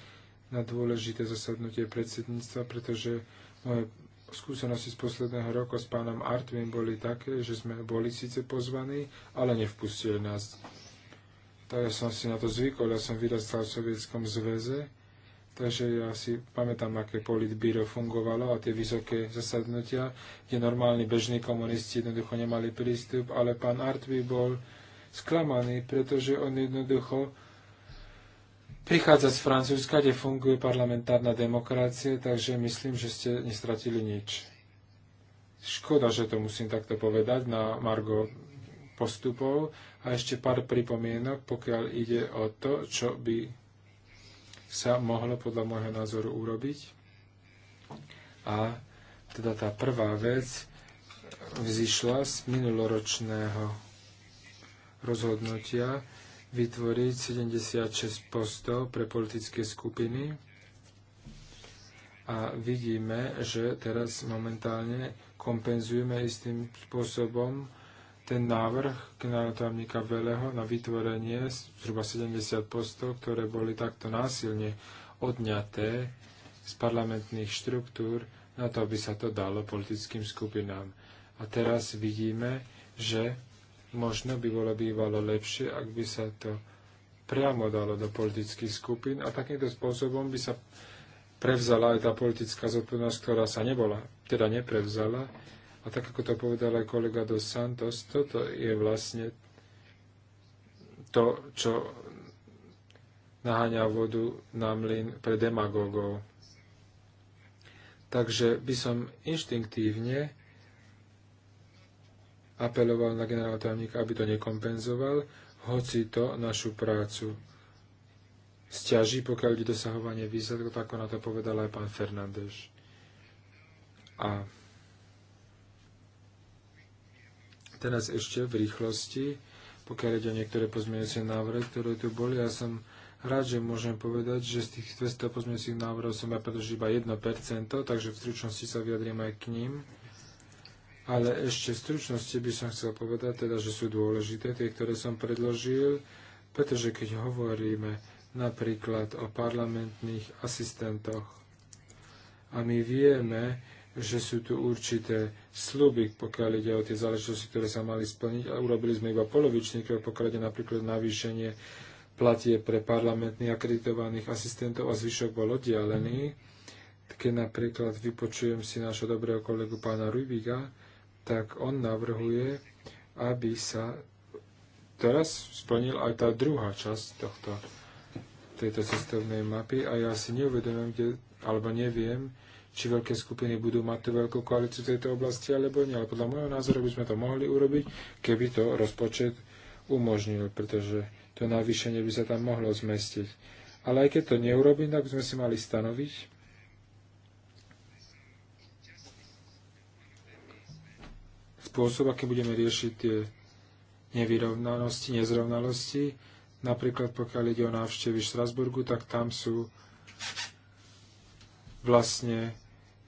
na dôležité zasadnutie predsedníctva, pretože moje skúsenosti z posledného roka s pánom Artvin boli také, že sme boli síce pozvaní, ale nevpustili nás tak ja som si na to zvykol, ja som vyrastal v Sovietskom zväze, takže ja si pamätám, aké politbíro fungovalo a tie vysoké zasadnutia, kde normálni bežní komunisti jednoducho nemali prístup, ale pán Artby bol sklamaný, pretože on jednoducho prichádza z Francúzska, kde funguje parlamentárna demokracia, takže myslím, že ste nestratili nič. Škoda, že to musím takto povedať na Margo postupov a ešte pár pripomienok, pokiaľ ide o to, čo by sa mohlo podľa môjho názoru urobiť. A teda tá prvá vec vzýšla z minuloročného rozhodnutia vytvoriť 76 postov pre politické skupiny a vidíme, že teraz momentálne kompenzujeme istým spôsobom ten návrh generálneho tajomníka Veleho na vytvorenie zhruba 70 postov, ktoré boli takto násilne odňaté z parlamentných štruktúr, na to, aby sa to dalo politickým skupinám. A teraz vidíme, že možno by bolo bývalo lepšie, ak by sa to priamo dalo do politických skupín a takýmto spôsobom by sa prevzala aj tá politická zodpovednosť, ktorá sa nebola, teda neprevzala, a tak ako to povedal aj kolega Dos Santos, toto je vlastne to, čo naháňa vodu na mlyn pre demagógov. Takže by som inštinktívne apeloval na generálneho tajomníka, aby to nekompenzoval, hoci to našu prácu stiaží, pokiaľ ide dosahovanie výsledkov, tak ako na to povedal aj pán Fernández. A Teraz ešte v rýchlosti, pokiaľ ide o niektoré pozmeňujúce návrhy, ktoré tu boli, ja som rád, že môžem povedať, že z tých 200 pozmeňujúcich návrhov som ja predložil iba 1%, takže v stručnosti sa vyjadrím aj k ním. Ale ešte v stručnosti by som chcel povedať, teda, že sú dôležité tie, ktoré som predložil, pretože keď hovoríme napríklad o parlamentných asistentoch a my vieme, že sú tu určité sluby, pokiaľ ide o tie záležitosti, ktoré sa mali splniť a urobili sme iba polovičný krok, pokiaľ ide napríklad navýšenie platie pre parlamentných akreditovaných asistentov a zvyšok bol oddialený. Keď napríklad vypočujem si nášho dobrého kolegu pána Rubiga, tak on navrhuje, aby sa teraz splnil aj tá druhá časť tohto, tejto cestovnej mapy a ja si neuvedomujem, kde, alebo neviem, či veľké skupiny budú mať tú veľkú koalíciu v tejto oblasti alebo nie. Ale podľa môjho názoru by sme to mohli urobiť, keby to rozpočet umožnil, pretože to navýšenie by sa tam mohlo zmestiť. Ale aj keď to neurobím, tak by sme si mali stanoviť. Spôsob, aký budeme riešiť tie nevyrovnanosti, nezrovnalosti. Napríklad pokiaľ ide o návštevy v Štrasburgu, tak tam sú vlastne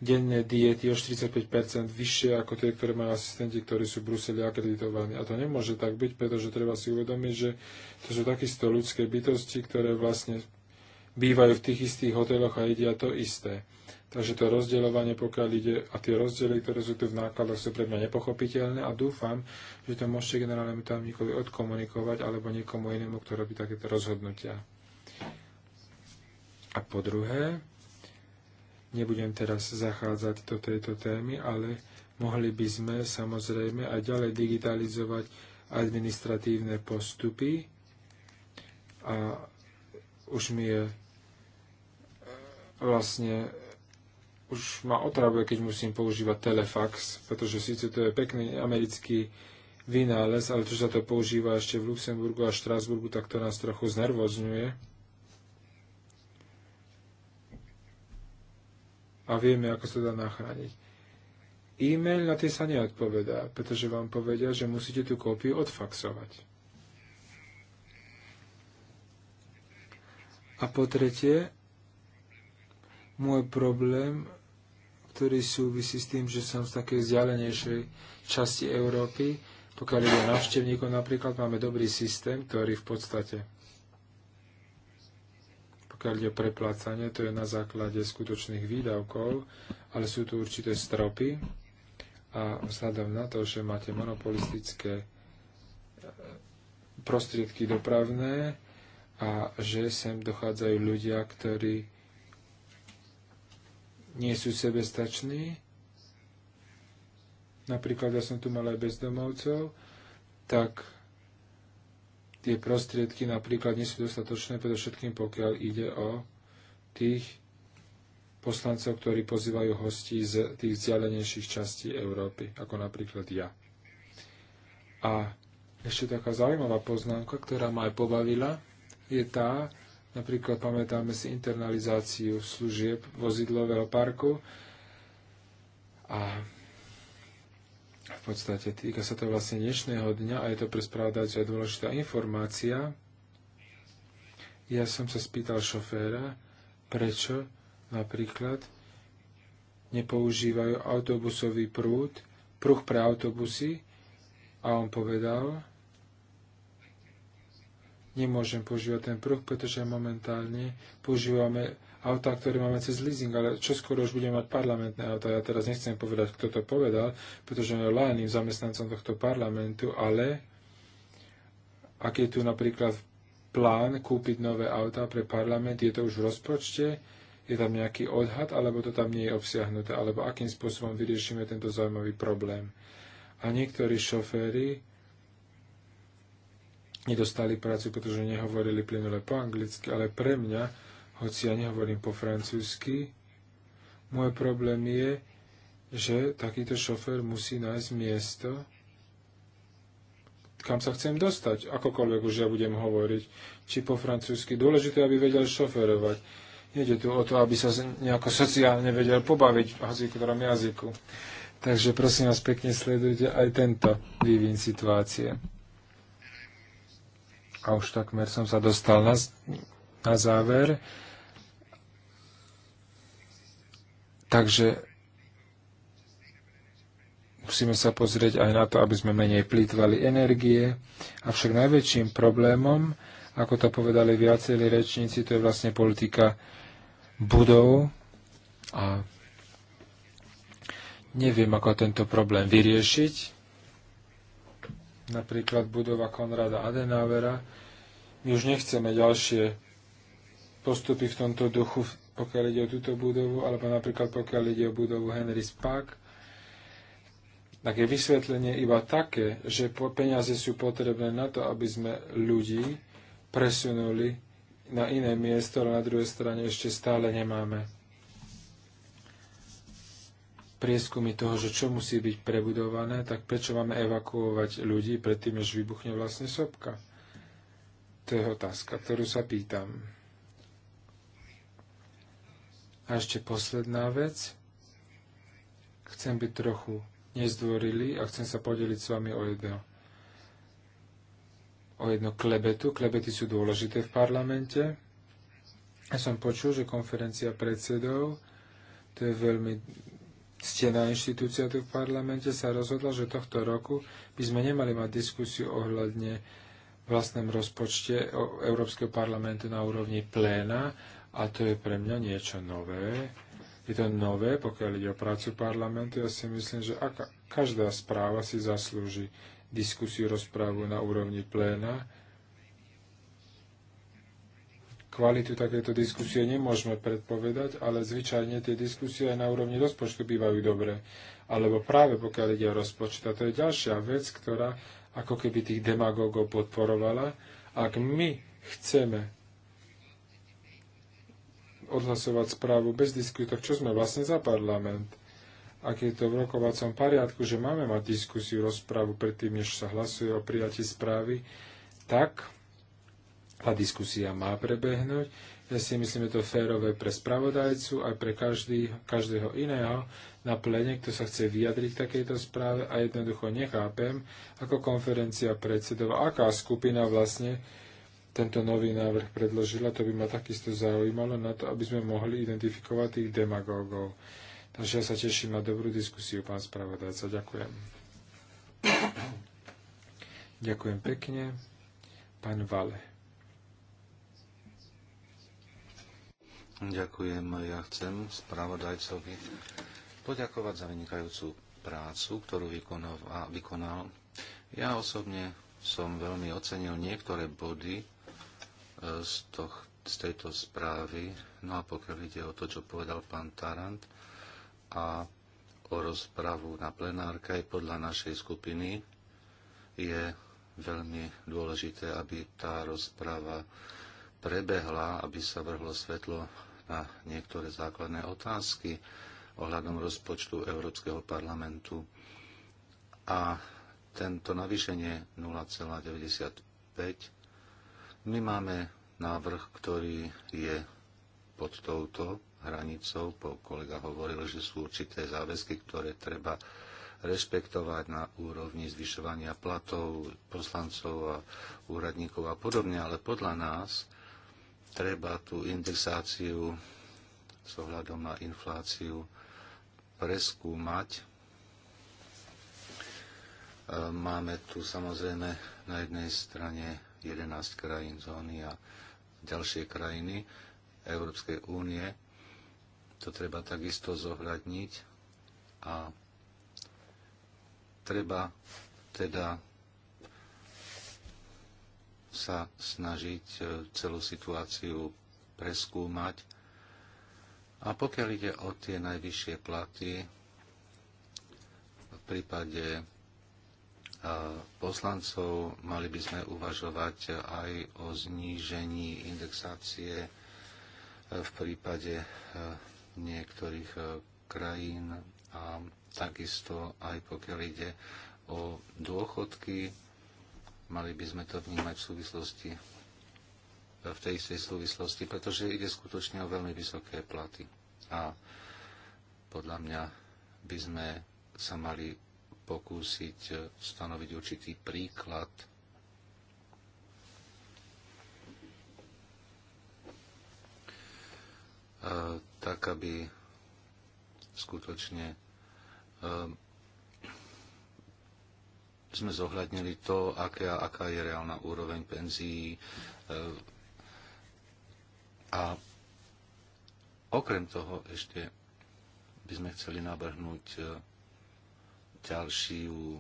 denné diety o 45% vyššie ako tie, ktoré majú asistenti, ktorí sú v Bruseli akreditovaní. A to nemôže tak byť, pretože treba si uvedomiť, že to sú takisto ľudské bytosti, ktoré vlastne bývajú v tých istých hoteloch a jedia to isté. Takže to rozdeľovanie, pokiaľ ide, a tie rozdiely, ktoré sú tu v nákladoch, sú pre mňa nepochopiteľné a dúfam, že to môžete generálnemu tajomníkovi odkomunikovať alebo niekomu inému, kto robí takéto rozhodnutia. A po druhé, Nebudem teraz zachádzať do tejto témy, ale mohli by sme samozrejme aj ďalej digitalizovať administratívne postupy a už mi je e, vlastne už ma otravuje, keď musím používať telefax, pretože síce to je pekný americký vynález, ale čo sa to používa ešte v Luxemburgu a Štrásburgu, tak to nás trochu znervozňuje. a vieme, ako sa dá nachrániť. E-mail na tie sa neodpovedá, pretože vám povedia, že musíte tú kópiu odfaxovať. A po tretie, môj problém, ktorý súvisí s tým, že som z takej vzdialenejšej časti Európy, pokiaľ ide návštevníkov napríklad, máme dobrý systém, ktorý v podstate pokiaľ ide o preplácanie, to je na základe skutočných výdavkov, ale sú tu určité stropy a vzhľadom na to, že máte monopolistické e, prostriedky dopravné a že sem dochádzajú ľudia, ktorí nie sú sebestační. Napríklad ja som tu mal aj bezdomovcov, tak tie prostriedky napríklad nie sú dostatočné, predovšetkým pokiaľ ide o tých poslancov, ktorí pozývajú hostí z tých vzdialenejších častí Európy, ako napríklad ja. A ešte taká zaujímavá poznámka, ktorá ma aj pobavila, je tá, napríklad pamätáme si internalizáciu služieb vozidlového parku a v podstate týka sa to vlastne dnešného dňa a je to pre aj dôležitá informácia. Ja som sa spýtal šoféra, prečo napríklad nepoužívajú autobusový prúd, pruh pre autobusy a on povedal, nemôžem používať ten pruh, pretože momentálne používame autá, ktoré máme cez leasing, ale čo skoro už budeme mať parlamentné autá. Ja teraz nechcem povedať, kto to povedal, pretože je lajným zamestnancom tohto parlamentu, ale ak je tu napríklad plán kúpiť nové autá pre parlament, je to už v rozpočte, je tam nejaký odhad, alebo to tam nie je obsiahnuté, alebo akým spôsobom vyriešime tento zaujímavý problém. A niektorí šoféry, nedostali prácu, pretože nehovorili plynule po anglicky, ale pre mňa hoci ja nehovorím po francúzsky. Môj problém je, že takýto šofér musí nájsť miesto, kam sa chcem dostať, akokoľvek už ja budem hovoriť, či po francúzsky. Dôležité, aby vedel šoferovať. Nede tu o to, aby sa nejako sociálne vedel pobaviť v hocikorom jazyku. Takže prosím vás pekne sledujte aj tento vývin situácie. A už takmer som sa dostal na, na záver. Takže musíme sa pozrieť aj na to, aby sme menej plýtvali energie. Avšak najväčším problémom, ako to povedali viacerí rečníci, to je vlastne politika budov a neviem, ako tento problém vyriešiť. Napríklad budova Konrada Adenauera. My už nechceme ďalšie postupy v tomto duchu pokiaľ ide o túto budovu, alebo napríklad pokiaľ ide o budovu Henry Spack, tak je vysvetlenie iba také, že peniaze sú potrebné na to, aby sme ľudí presunuli na iné miesto, ale na druhej strane ešte stále nemáme prieskumy toho, že čo musí byť prebudované, tak prečo máme evakuovať ľudí predtým, než vybuchne vlastne sopka? To je otázka, ktorú sa pýtam. A ešte posledná vec. Chcem byť trochu nezdvorilý a chcem sa podeliť s vami o jedno, o jedno klebetu. Klebety sú dôležité v parlamente. Ja som počul, že konferencia predsedov, to je veľmi stená inštitúcia tu v parlamente, sa rozhodla, že tohto roku by sme nemali mať diskusiu ohľadne vlastnom rozpočte Európskeho parlamentu na úrovni pléna, a to je pre mňa niečo nové. Je to nové, pokiaľ ide o prácu parlamentu. Ja si myslím, že aká, každá správa si zaslúži diskusiu, rozprávu na úrovni pléna. Kvalitu takéto diskusie nemôžeme predpovedať, ale zvyčajne tie diskusie aj na úrovni rozpočtu bývajú dobré. Alebo práve pokiaľ ide o rozpočet. A to je ďalšia vec, ktorá ako keby tých demagógov podporovala. Ak my chceme odhlasovať správu bez diskutov, čo sme vlastne za parlament? Ak je to v rokovacom poriadku, že máme mať diskusiu, rozprávu predtým, než sa hlasuje o prijatí správy, tak tá diskusia má prebehnúť. Ja si myslím, že to férové pre spravodajcu aj pre každý, každého iného na plene, kto sa chce vyjadriť v takejto správe a jednoducho nechápem, ako konferencia predsedov, aká skupina vlastne tento nový návrh predložila, to by ma takisto zaujímalo na to, aby sme mohli identifikovať tých demagógov. Takže ja sa teším na dobrú diskusiu, pán spravodajca. Ďakujem. Ďakujem pekne. Pán Vale. Ďakujem. Ja chcem spravodajcovi poďakovať za vynikajúcu prácu, ktorú vykonal. Ja osobne som veľmi ocenil niektoré body z, toh, z tejto správy. No a pokiaľ ide o to, čo povedal pán Tarant a o rozpravu na plenárke, aj podľa našej skupiny je veľmi dôležité, aby tá rozprava prebehla, aby sa vrhlo svetlo na niektoré základné otázky ohľadom rozpočtu Európskeho parlamentu. A tento navýšenie 0,95 my máme návrh, ktorý je pod touto hranicou. Po kolega hovoril, že sú určité záväzky, ktoré treba rešpektovať na úrovni zvyšovania platov poslancov a úradníkov a podobne, ale podľa nás treba tú indexáciu s ohľadom na infláciu preskúmať. E, máme tu samozrejme na jednej strane 11 krajín zóny a ďalšie krajiny Európskej únie. To treba takisto zohľadniť a treba teda sa snažiť e, celú situáciu preskúmať. A pokiaľ ide o tie najvyššie platy, v prípade poslancov, mali by sme uvažovať aj o znížení indexácie e, v prípade e, niektorých e, krajín a takisto aj pokiaľ ide o dôchodky, mali by sme to vnímať v súvislosti v tej istej súvislosti, pretože ide skutočne o veľmi vysoké platy. A podľa mňa by sme sa mali pokúsiť e, stanoviť určitý príklad e, tak, aby skutočne e, sme zohľadnili to, aká, aká je reálna úroveň penzií a okrem toho ešte by sme chceli navrhnúť ďalšiu e,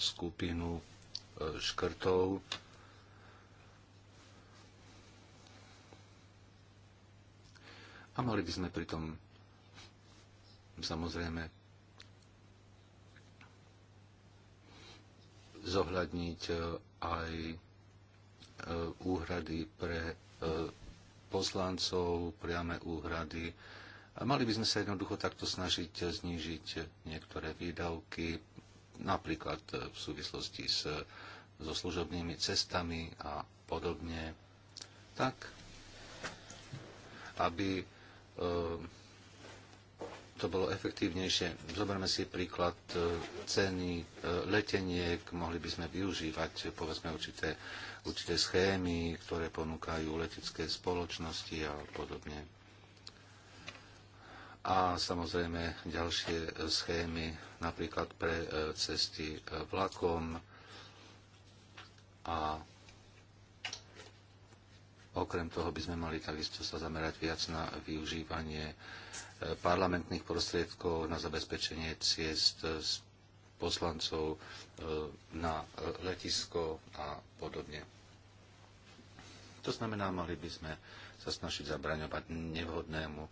skupinu e, škrtov. A mali by sme pritom samozrejme zohľadniť e, aj úhrady pre poslancov, priame úhrady Mali by sme sa jednoducho takto snažiť znížiť niektoré výdavky, napríklad e, v súvislosti s, e, so služobnými cestami a podobne, tak, aby e, to bolo efektívnejšie. Zoberme si príklad e, ceny leteniek. Mohli by sme využívať, povedzme, určité, určité schémy, ktoré ponúkajú letecké spoločnosti a podobne a samozrejme ďalšie e, schémy, napríklad pre e, cesty e, vlakom a okrem toho by sme mali takisto sa zamerať viac na využívanie parlamentných prostriedkov na zabezpečenie ciest poslancov na letisko a podobne. To znamená, mali by sme sa snažiť zabraňovať nevhodnému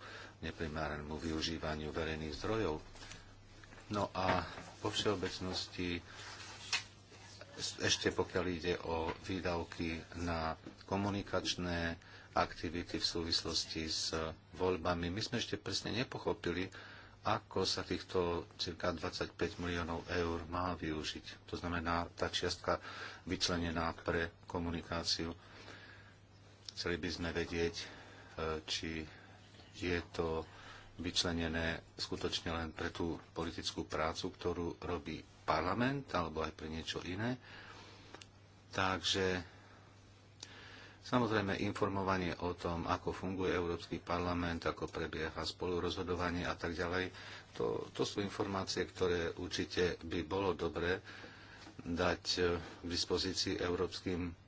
neprimárenému využívaniu verejných zdrojov. No a vo všeobecnosti ešte pokiaľ ide o výdavky na komunikačné aktivity v súvislosti s voľbami. My sme ešte presne nepochopili, ako sa týchto cirka 25 miliónov eur má využiť. To znamená tá čiastka vyčlenená pre komunikáciu. Chceli by sme vedieť, e, či je to vyčlenené skutočne len pre tú politickú prácu, ktorú robí parlament alebo aj pre niečo iné. Takže samozrejme informovanie o tom, ako funguje Európsky parlament, ako prebieha spolurozhodovanie a tak ďalej, to, to sú informácie, ktoré určite by bolo dobre dať k eh, dispozícii európskym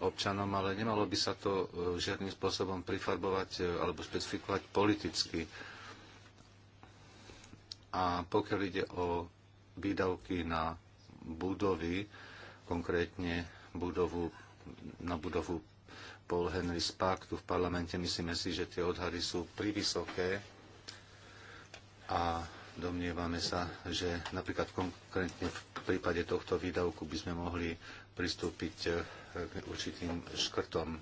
občanom, ale nemalo by sa to e, žiadnym spôsobom prifarbovať e, alebo špecifikovať politicky. A pokiaľ ide o výdavky na budovy, konkrétne budovu, na budovu Paul Henry Spak tu v parlamente, myslíme si, že tie odhady sú privysoké a domnievame sa, že napríklad konkrétne v prípade tohto výdavku by sme mohli pristúpiť eh, k určitým škrtom.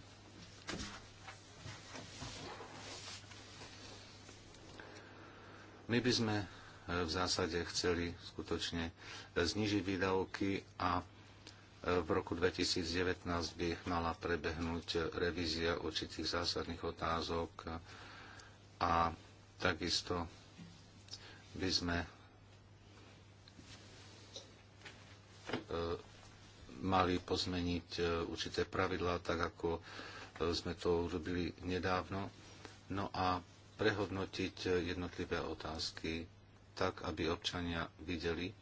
My by sme eh, v zásade chceli skutočne eh, znižiť výdavky a v roku 2019 by mala prebehnúť revízia určitých zásadných otázok a takisto by sme mali pozmeniť e, určité pravidlá, tak ako e, sme to urobili nedávno, no a prehodnotiť e, jednotlivé otázky tak, aby občania videli,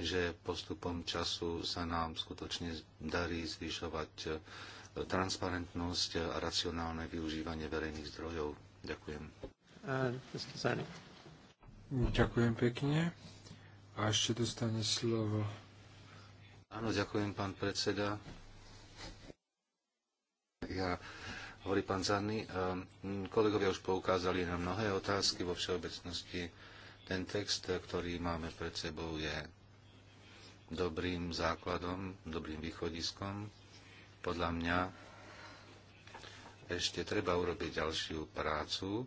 že postupom času sa nám skutočne darí zvyšovať transparentnosť a racionálne využívanie verejných zdrojov. Ďakujem. Uh, Ďakujem pekne. A ešte dostane slovo Áno, ďakujem, pán predseda. Ja, hovorí pán Zanny, kolegovia už poukázali na mnohé otázky vo všeobecnosti. Ten text, ktorý máme pred sebou, je dobrým základom, dobrým východiskom. Podľa mňa ešte treba urobiť ďalšiu prácu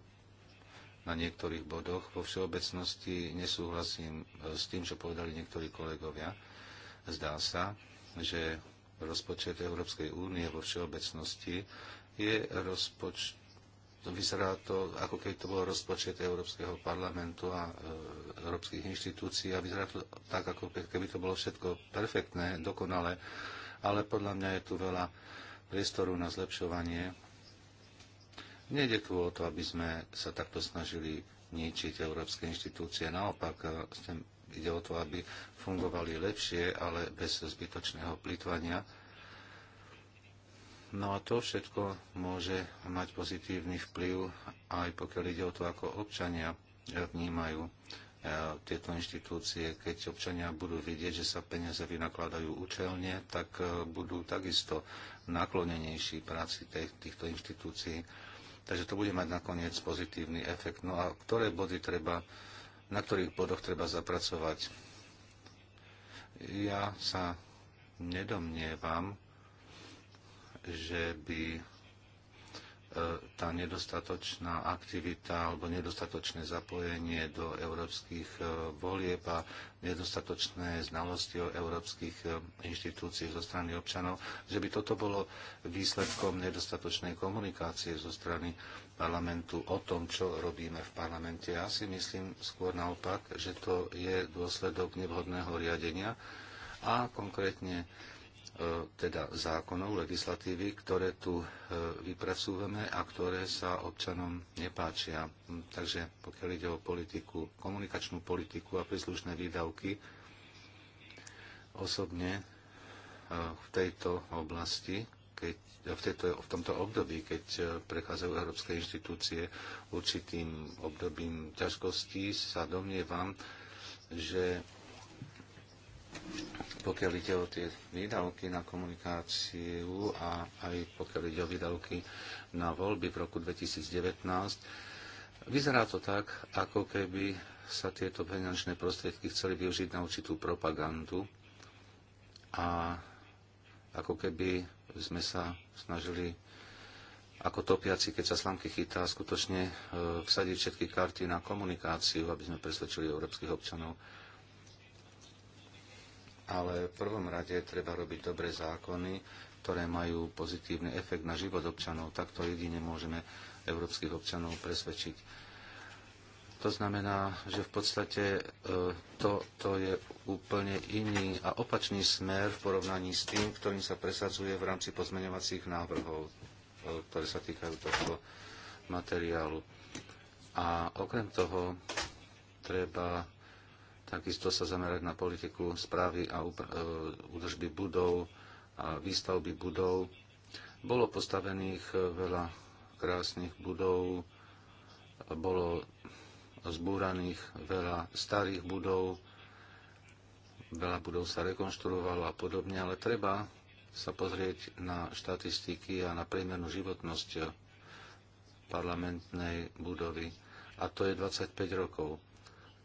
na niektorých bodoch. Vo všeobecnosti nesúhlasím e, s tým, čo povedali niektorí kolegovia. Zdá sa, že rozpočet Európskej únie vo všeobecnosti je rozpočet Vyzerá to, ako keď to bol rozpočet Európskeho parlamentu a e, európskych inštitúcií a vyzerá to tak, ako keby to bolo všetko perfektné, dokonale, ale podľa mňa je tu veľa priestoru na zlepšovanie. Nejde tu o to, aby sme sa takto snažili ničiť európske inštitúcie. Naopak, e, Ide o to, aby fungovali lepšie, ale bez zbytočného plýtvania. No a to všetko môže mať pozitívny vplyv aj pokiaľ ide o to, ako občania vnímajú e, tieto inštitúcie. Keď občania budú vidieť, že sa peniaze vynakladajú účelne, tak e, budú takisto naklonenejší práci týchto inštitúcií. Takže to bude mať nakoniec pozitívny efekt. No a ktoré body treba na ktorých bodoch treba zapracovať. Ja sa nedomnievam, že by tá nedostatočná aktivita alebo nedostatočné zapojenie do európskych e, volieb a nedostatočné znalosti o európskych e, inštitúciách zo strany občanov, že by toto bolo výsledkom nedostatočnej komunikácie zo strany parlamentu o tom, čo robíme v parlamente. Ja si myslím skôr naopak, že to je dôsledok nevhodného riadenia a konkrétne E, teda zákonov, legislatívy, ktoré tu e, vypracúvame a ktoré sa občanom nepáčia. Hm, takže pokiaľ ide o politiku, komunikačnú politiku a príslušné výdavky, osobne e, v tejto oblasti, keď, v, tejto, v tomto období, keď prechádzajú európske inštitúcie určitým obdobím ťažkostí, sa domnievam, že pokiaľ ide o tie výdavky na komunikáciu a aj pokiaľ ide o výdavky na voľby v roku 2019, vyzerá to tak, ako keby sa tieto finančné prostriedky chceli využiť na určitú propagandu a ako keby sme sa snažili ako topiaci, keď sa slamky chytá, skutočne e, vsadiť všetky karty na komunikáciu, aby sme presvedčili európskych občanov ale v prvom rade treba robiť dobré zákony, ktoré majú pozitívny efekt na život občanov. Takto jedine môžeme európskych občanov presvedčiť. To znamená, že v podstate e, to, to je úplne iný a opačný smer v porovnaní s tým, ktorým sa presadzuje v rámci pozmeňovacích návrhov, e, ktoré sa týkajú tohto materiálu. A okrem toho treba takisto sa zamerať na politiku správy a e, údržby budov a výstavby budov. Bolo postavených e, veľa krásnych budov, bolo zbúraných veľa starých budov, veľa budov sa rekonštruovalo a podobne, ale treba sa pozrieť na štatistiky a na priemernú životnosť parlamentnej budovy. A to je 25 rokov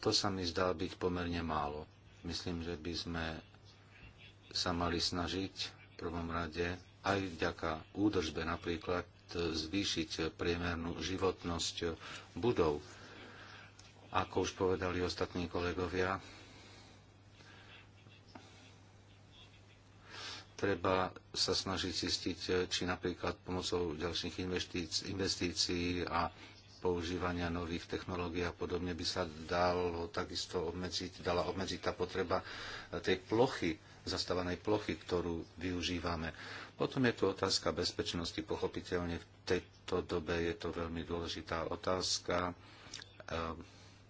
to sa mi zdá byť pomerne málo. Myslím, že by sme sa mali snažiť v prvom rade aj vďaka údržbe napríklad zvýšiť priemernú životnosť budov. Ako už povedali ostatní kolegovia, treba sa snažiť zistiť, či napríklad pomocou ďalších investícií a používania nových technológií a podobne by sa dalo takisto obmedziť, dala obmedziť tá potreba e, tej plochy, zastávanej plochy, ktorú využívame. Potom je tu otázka bezpečnosti. Pochopiteľne v tejto dobe je to veľmi dôležitá otázka. E,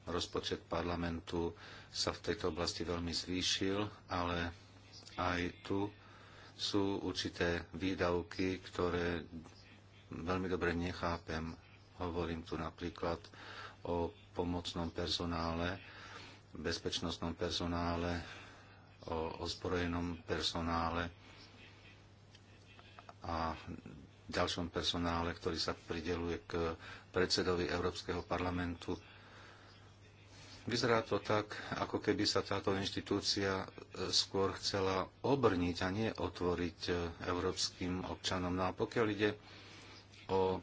rozpočet parlamentu sa v tejto oblasti veľmi zvýšil, ale aj tu sú určité výdavky, ktoré veľmi dobre nechápem Hovorím tu napríklad o pomocnom personále, bezpečnostnom personále, o ozbrojenom personále a ďalšom personále, ktorý sa prideluje k predsedovi Európskeho parlamentu. Vyzerá to tak, ako keby sa táto inštitúcia e, skôr chcela obrniť a nie otvoriť e, európskym občanom. No a pokiaľ ide o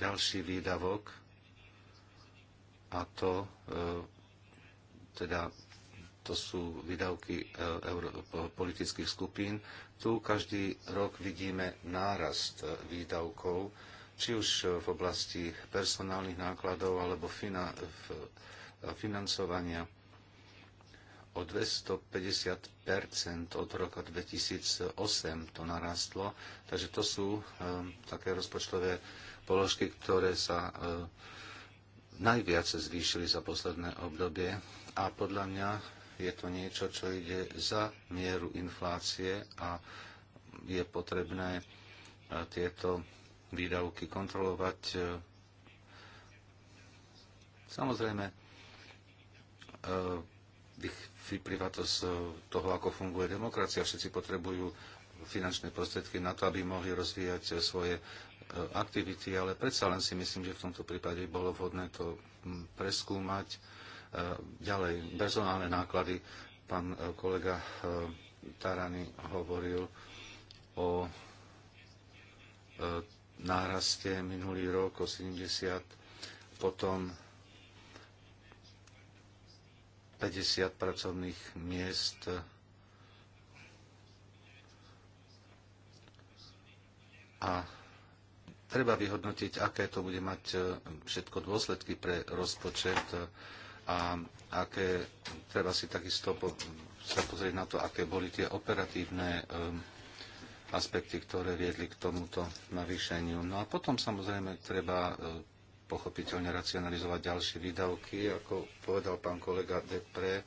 ďalší výdavok a to e, teda to sú výdavky e, politických skupín. Tu každý rok vidíme nárast e, výdavkov, či už v oblasti personálnych nákladov alebo financovania o 250 od roka 2008 to narastlo. Takže to sú také rozpočtové položky, ktoré sa e, najviac zvýšili za posledné obdobie a podľa mňa je to niečo, čo ide za mieru inflácie a je potrebné e, tieto výdavky kontrolovať. E, samozrejme, vyplýva to z toho, ako funguje demokracia. Všetci potrebujú finančné prostriedky na to, aby mohli rozvíjať svoje aktivity, ale predsa len si myslím, že v tomto prípade bolo vhodné to hm, preskúmať. E, ďalej, personálne náklady. Pán e, kolega e, Tarany hovoril o náraste minulý rok o 70, potom 50 pracovných miest a treba vyhodnotiť, aké to bude mať e, všetko dôsledky pre rozpočet e, a aké, treba si takisto po, sa pozrieť na to, aké boli tie operatívne um, aspekty, ktoré viedli k tomuto navýšeniu. No a potom samozrejme treba pochopiteľne racionalizovať ďalšie výdavky, ako povedal pán kolega Depre,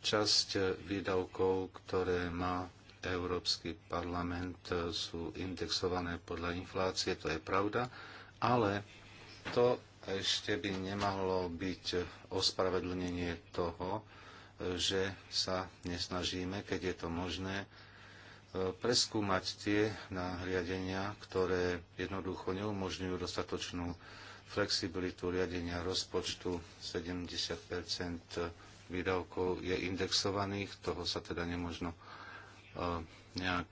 časť výdavkov, ktoré má Európsky parlament e, sú indexované podľa inflácie, to je pravda, ale to ešte by nemalo byť ospravedlnenie toho, e, že sa nesnažíme, keď je to možné, e, preskúmať tie nariadenia, ktoré jednoducho neumožňujú dostatočnú flexibilitu riadenia rozpočtu 70 výdavkov je indexovaných, toho sa teda nemožno nejak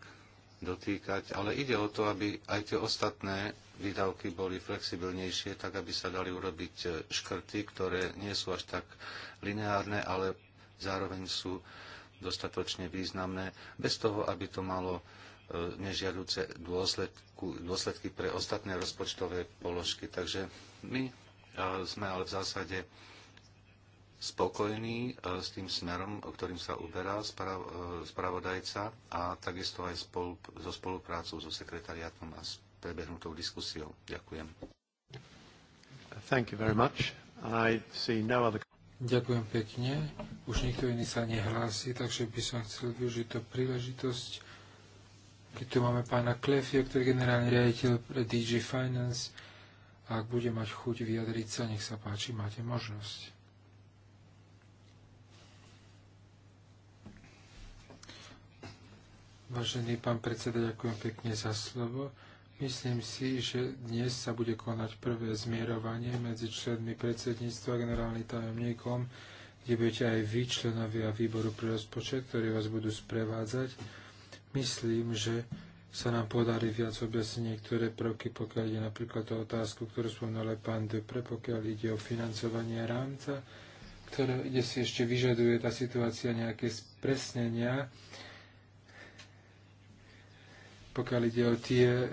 dotýkať, ale ide o to, aby aj tie ostatné výdavky boli flexibilnejšie, tak aby sa dali urobiť e, škrty, ktoré nie sú až tak lineárne, ale zároveň sú dostatočne významné, bez toho, aby to malo e, nežiaduce dôsledky, dôsledky pre ostatné rozpočtové položky. Takže my sme ale v zásade spokojní e, s tým smerom, o ktorým sa uberá e, spravodajca a takisto aj spolu, so spoluprácou so sekretariátom a s prebehnutou diskusiou. Ďakujem. Thank you very much. I see no other... Ďakujem pekne. Už nikto iný sa nehlási, takže by som chcel využiť tú príležitosť. Keď tu máme pána Klefia, ktorý je generálny riaditeľ pre DG Finance, a ak bude mať chuť vyjadriť sa, nech sa páči, máte možnosť. Vážený pán predseda, ďakujem pekne za slovo. Myslím si, že dnes sa bude konať prvé zmierovanie medzi členmi predsedníctva a generálnym tajomníkom, kde budete aj vy, členovia výboru pre rozpočet, ktorí vás budú sprevádzať. Myslím, že sa nám podarí viac objasniť niektoré prvky, pokiaľ ide napríklad o otázku, ktorú spomínal aj pán Depre, pokiaľ ide o financovanie rámca, ktoré, kde si ešte vyžaduje tá situácia nejaké spresnenia pokiaľ ide o tie e,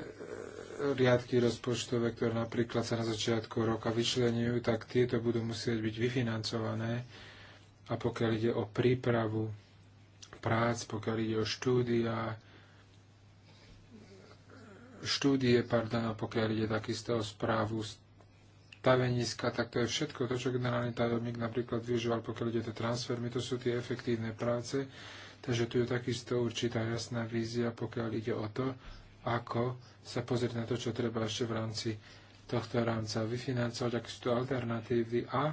riadky rozpočtové, ktoré napríklad sa na začiatku roka vyčlenujú, tak tieto budú musieť byť vyfinancované. A pokiaľ ide o prípravu prác, pokiaľ ide o štúdia, štúdie, pardon, a pokiaľ ide takisto o správu staveniska, tak to je všetko to, čo generálny tajomník napríklad využíval, pokiaľ ide o transfermy, to sú tie efektívne práce, Takže tu je takisto určitá jasná vízia, pokiaľ ide o to, ako sa pozrieť na to, čo treba ešte v rámci tohto rámca vyfinancovať, aké sú to alternatívy a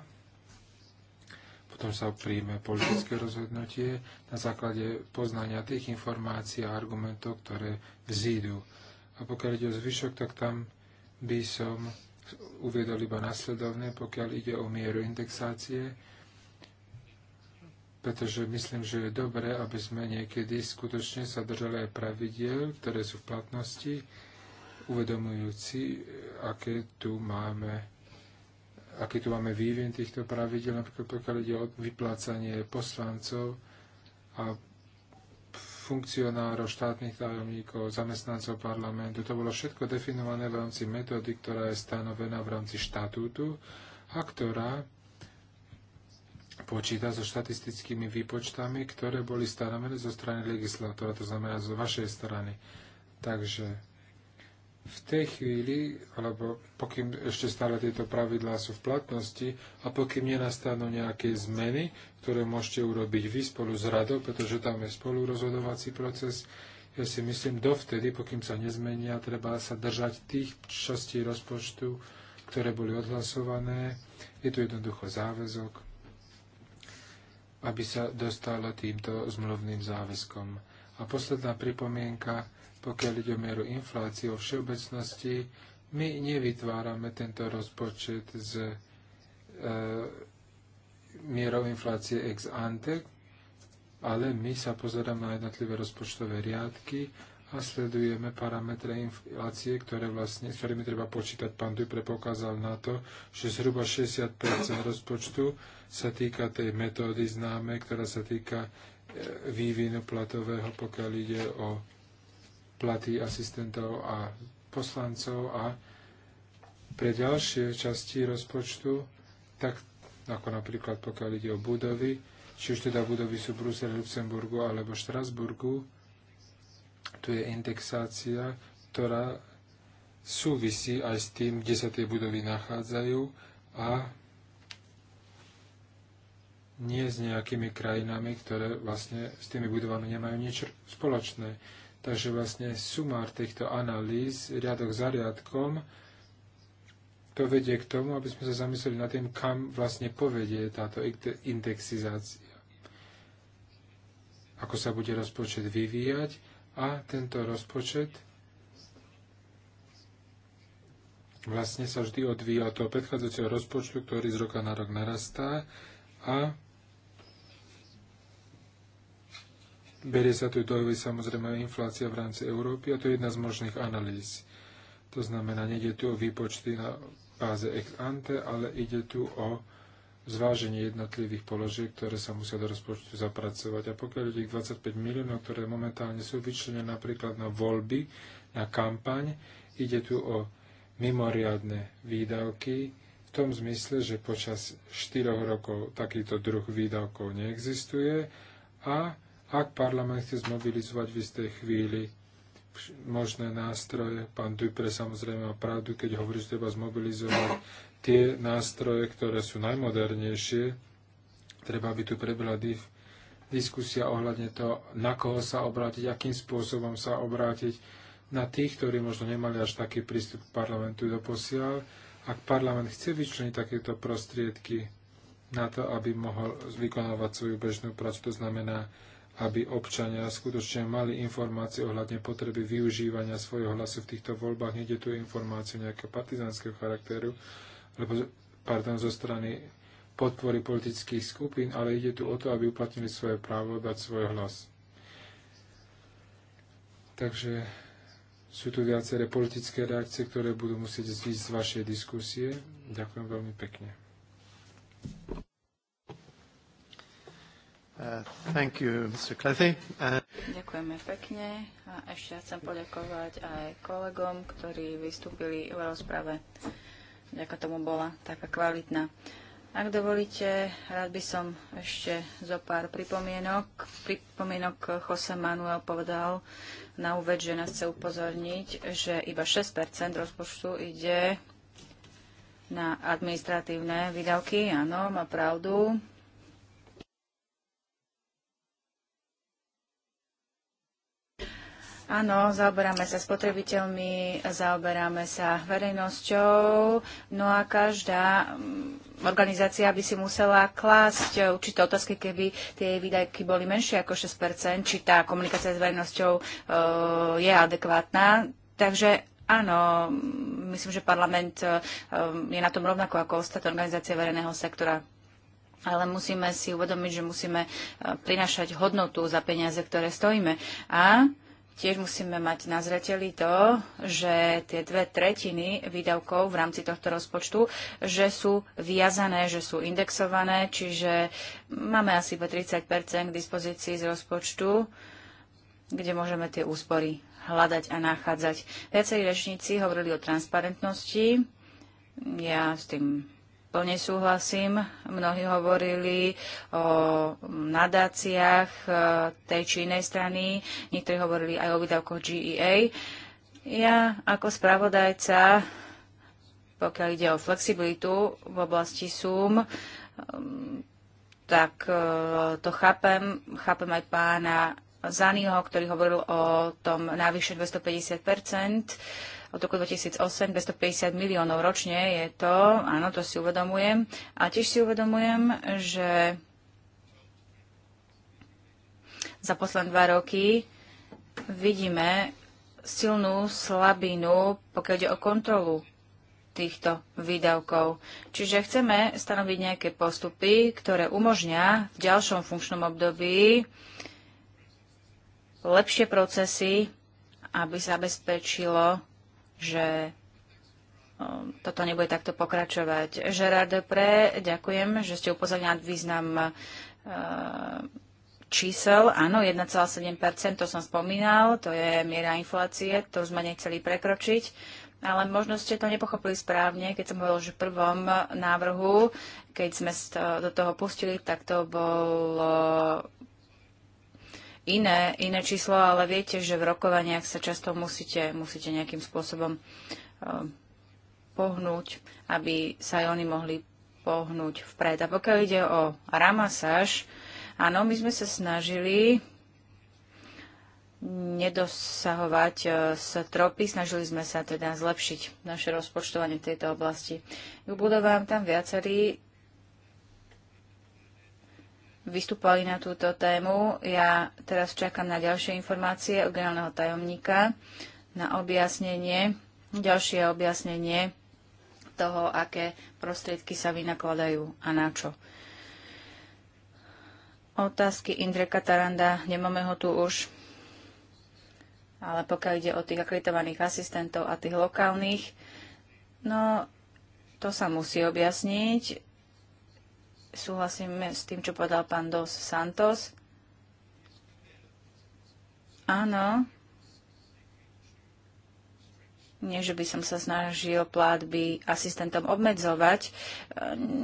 potom sa príjme politické rozhodnutie na základe poznania tých informácií a argumentov, ktoré vzídu. A pokiaľ ide o zvyšok, tak tam by som uviedol iba nasledovné, pokiaľ ide o mieru indexácie, pretože myslím, že je dobré, aby sme niekedy skutočne sa držali aj pravidiel, ktoré sú v platnosti, uvedomujúci, aké tu máme aký tu máme vývin týchto pravidel, napríklad pokiaľ ide o vyplácanie poslancov a funkcionárov, štátnych tajomníkov, zamestnancov parlamentu. To bolo všetko definované v rámci metódy, ktorá je stanovená v rámci štatútu a ktorá počíta so štatistickými výpočtami, ktoré boli stanovené zo strany legislátora, to znamená zo vašej strany. Takže v tej chvíli, alebo pokým ešte stále tieto pravidlá sú v platnosti a pokým nenastanú nejaké zmeny, ktoré môžete urobiť vy spolu s radou, pretože tam je spolurozhodovací proces, ja si myslím, dovtedy, pokým sa nezmenia, treba sa držať tých častí rozpočtu, ktoré boli odhlasované. Je tu jednoducho záväzok aby sa dostala týmto zmluvným záväzkom. A posledná pripomienka, pokiaľ ide o mieru inflácie o všeobecnosti, my nevytvárame tento rozpočet z e, mierou inflácie ex ante, ale my sa pozeráme na jednotlivé rozpočtové riadky a sledujeme parametre inflácie, ktoré vlastne, s ktorými treba počítať. Pán Dupre pokázal na to, že zhruba 60 rozpočtu sa týka tej metódy známe, ktorá sa týka e, vývinu platového, pokiaľ ide o platy asistentov a poslancov a pre ďalšie časti rozpočtu, tak ako napríklad pokiaľ ide o budovy, či už teda budovy sú v Bruseli, Luxemburgu alebo Štrasburgu, tu je indexácia, ktorá súvisí aj s tým, kde sa tie budovy nachádzajú a nie s nejakými krajinami, ktoré vlastne s tými budovami nemajú nič spoločné. Takže vlastne sumár týchto analýz, riadok za riadkom, to vedie k tomu, aby sme sa zamysleli nad tým, kam vlastne povedie táto indexizácia. Ako sa bude rozpočet vyvíjať a tento rozpočet vlastne sa vždy odvíja od toho predchádzajúceho rozpočtu, ktorý z roka na rok narastá a berie sa tu dojvy samozrejme inflácia v rámci Európy a to je jedna z možných analýz. To znamená, nejde tu o výpočty na báze ex ante, ale ide tu o zváženie jednotlivých položiek, ktoré sa musia do rozpočtu zapracovať. A pokiaľ tých 25 miliónov, ktoré momentálne sú vyčlenené napríklad na voľby, na kampaň, ide tu o mimoriadne výdavky v tom zmysle, že počas 4 rokov takýto druh výdavkov neexistuje a ak parlament chce zmobilizovať v istej chvíli možné nástroje. Pán Dupre samozrejme má pravdu, keď hovorí, že treba zmobilizovať tie nástroje, ktoré sú najmodernejšie. Treba by tu prebila diskusia ohľadne toho, na koho sa obrátiť, akým spôsobom sa obrátiť na tých, ktorí možno nemali až taký prístup k parlamentu doposiaľ. Ak parlament chce vyčleniť takéto prostriedky na to, aby mohol vykonávať svoju bežnú prácu, to znamená, aby občania skutočne mali informácie ohľadne potreby využívania svojho hlasu v týchto voľbách. Nejde tu informácie nejakého partizánskeho charakteru, lebo, pardon, zo strany podpory politických skupín, ale ide tu o to, aby uplatnili svoje právo dať svoj hlas. Takže sú tu viaceré politické reakcie, ktoré budú musieť zísť z vašej diskusie. Ďakujem veľmi pekne. Uh, thank you, Mr. Uh... Ďakujeme pekne a ešte chcem poďakovať aj kolegom, ktorí vystúpili v rozprave vďaka tomu bola taká kvalitná. Ak dovolíte, rád by som ešte zo pár pripomienok. Pripomienok Jose Manuel povedal na úved, že nás chce upozorniť, že iba 6 rozpočtu ide na administratívne výdavky. Áno, má pravdu. Áno, zaoberáme sa spotrebiteľmi, zaoberáme sa verejnosťou, no a každá mm, organizácia by si musela klásť určité otázky, keby tie výdajky boli menšie ako 6%, či tá komunikácia s verejnosťou e, je adekvátna. Takže áno, myslím, že parlament e, je na tom rovnako ako ostatné organizácie verejného sektora ale musíme si uvedomiť, že musíme e, prinášať hodnotu za peniaze, ktoré stojíme. A Tiež musíme mať na zreteli to, že tie dve tretiny výdavkov v rámci tohto rozpočtu, že sú viazané, že sú indexované, čiže máme asi po 30 k dispozícii z rozpočtu, kde môžeme tie úspory hľadať a nachádzať. Viacerí rečníci hovorili o transparentnosti. Ja s tým Plne súhlasím. Mnohí hovorili o nadáciách e, tej či inej strany. Niektorí hovorili aj o výdavkoch GEA. Ja ako spravodajca, pokiaľ ide o flexibilitu v oblasti Sum, e, tak e, to chápem. Chápem aj pána Zaniho, ktorý hovoril o tom návyše 250 od roku 2008 250 miliónov ročne je to, áno, to si uvedomujem. A tiež si uvedomujem, že za posledné dva roky vidíme silnú slabinu, pokiaľ ide o kontrolu týchto výdavkov. Čiže chceme stanoviť nejaké postupy, ktoré umožňa v ďalšom funkčnom období lepšie procesy, aby zabezpečilo že um, toto nebude takto pokračovať. Gerard Pre, ďakujem, že ste upozornili význam uh, čísel. Áno, 1,7%, to som spomínal, to je miera inflácie, to sme nechceli prekročiť. Ale možno ste to nepochopili správne, keď som hovoril, že v prvom návrhu, keď sme do toho pustili, tak to bolo iné, iné číslo, ale viete, že v rokovaniach sa často musíte, musíte nejakým spôsobom um, pohnúť, aby sa aj oni mohli pohnúť vpred. A pokiaľ ide o ramasáž, áno, my sme sa snažili nedosahovať uh, stropy. Snažili sme sa teda zlepšiť naše rozpočtovanie v tejto oblasti. K tam viacerí vystupovali na túto tému. Ja teraz čakám na ďalšie informácie od generálneho tajomníka, na objasnenie, ďalšie objasnenie toho, aké prostriedky sa vynakladajú a na čo. Otázky Indreka Taranda, nemáme ho tu už, ale pokiaľ ide o tých akreditovaných asistentov a tých lokálnych, no to sa musí objasniť súhlasím s tým, čo povedal pán Dos Santos. Áno. Nie, že by som sa snažil platby asistentom obmedzovať. E,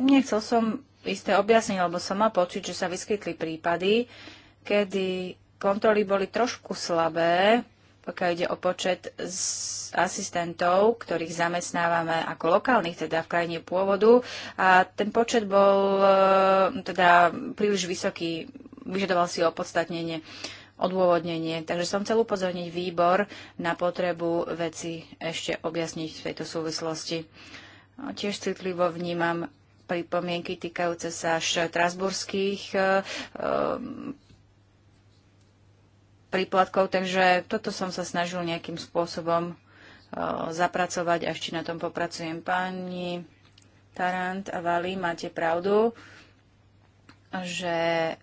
nechcel som isté objasniť, lebo som mal pocit, že sa vyskytli prípady, kedy kontroly boli trošku slabé, pokiaľ ide o počet asistentov, ktorých zamestnávame ako lokálnych, teda v krajine pôvodu. A ten počet bol e, teda príliš vysoký, vyžadoval si opodstatnenie odôvodnenie. Takže som chcel upozorniť výbor na potrebu veci ešte objasniť v tejto súvislosti. No, tiež citlivo vnímam pripomienky týkajúce sa štrasburských e, e, príplatkov, takže toto som sa snažil nejakým spôsobom uh, zapracovať a ešte na tom popracujem. Pani Tarant a Vali, máte pravdu, že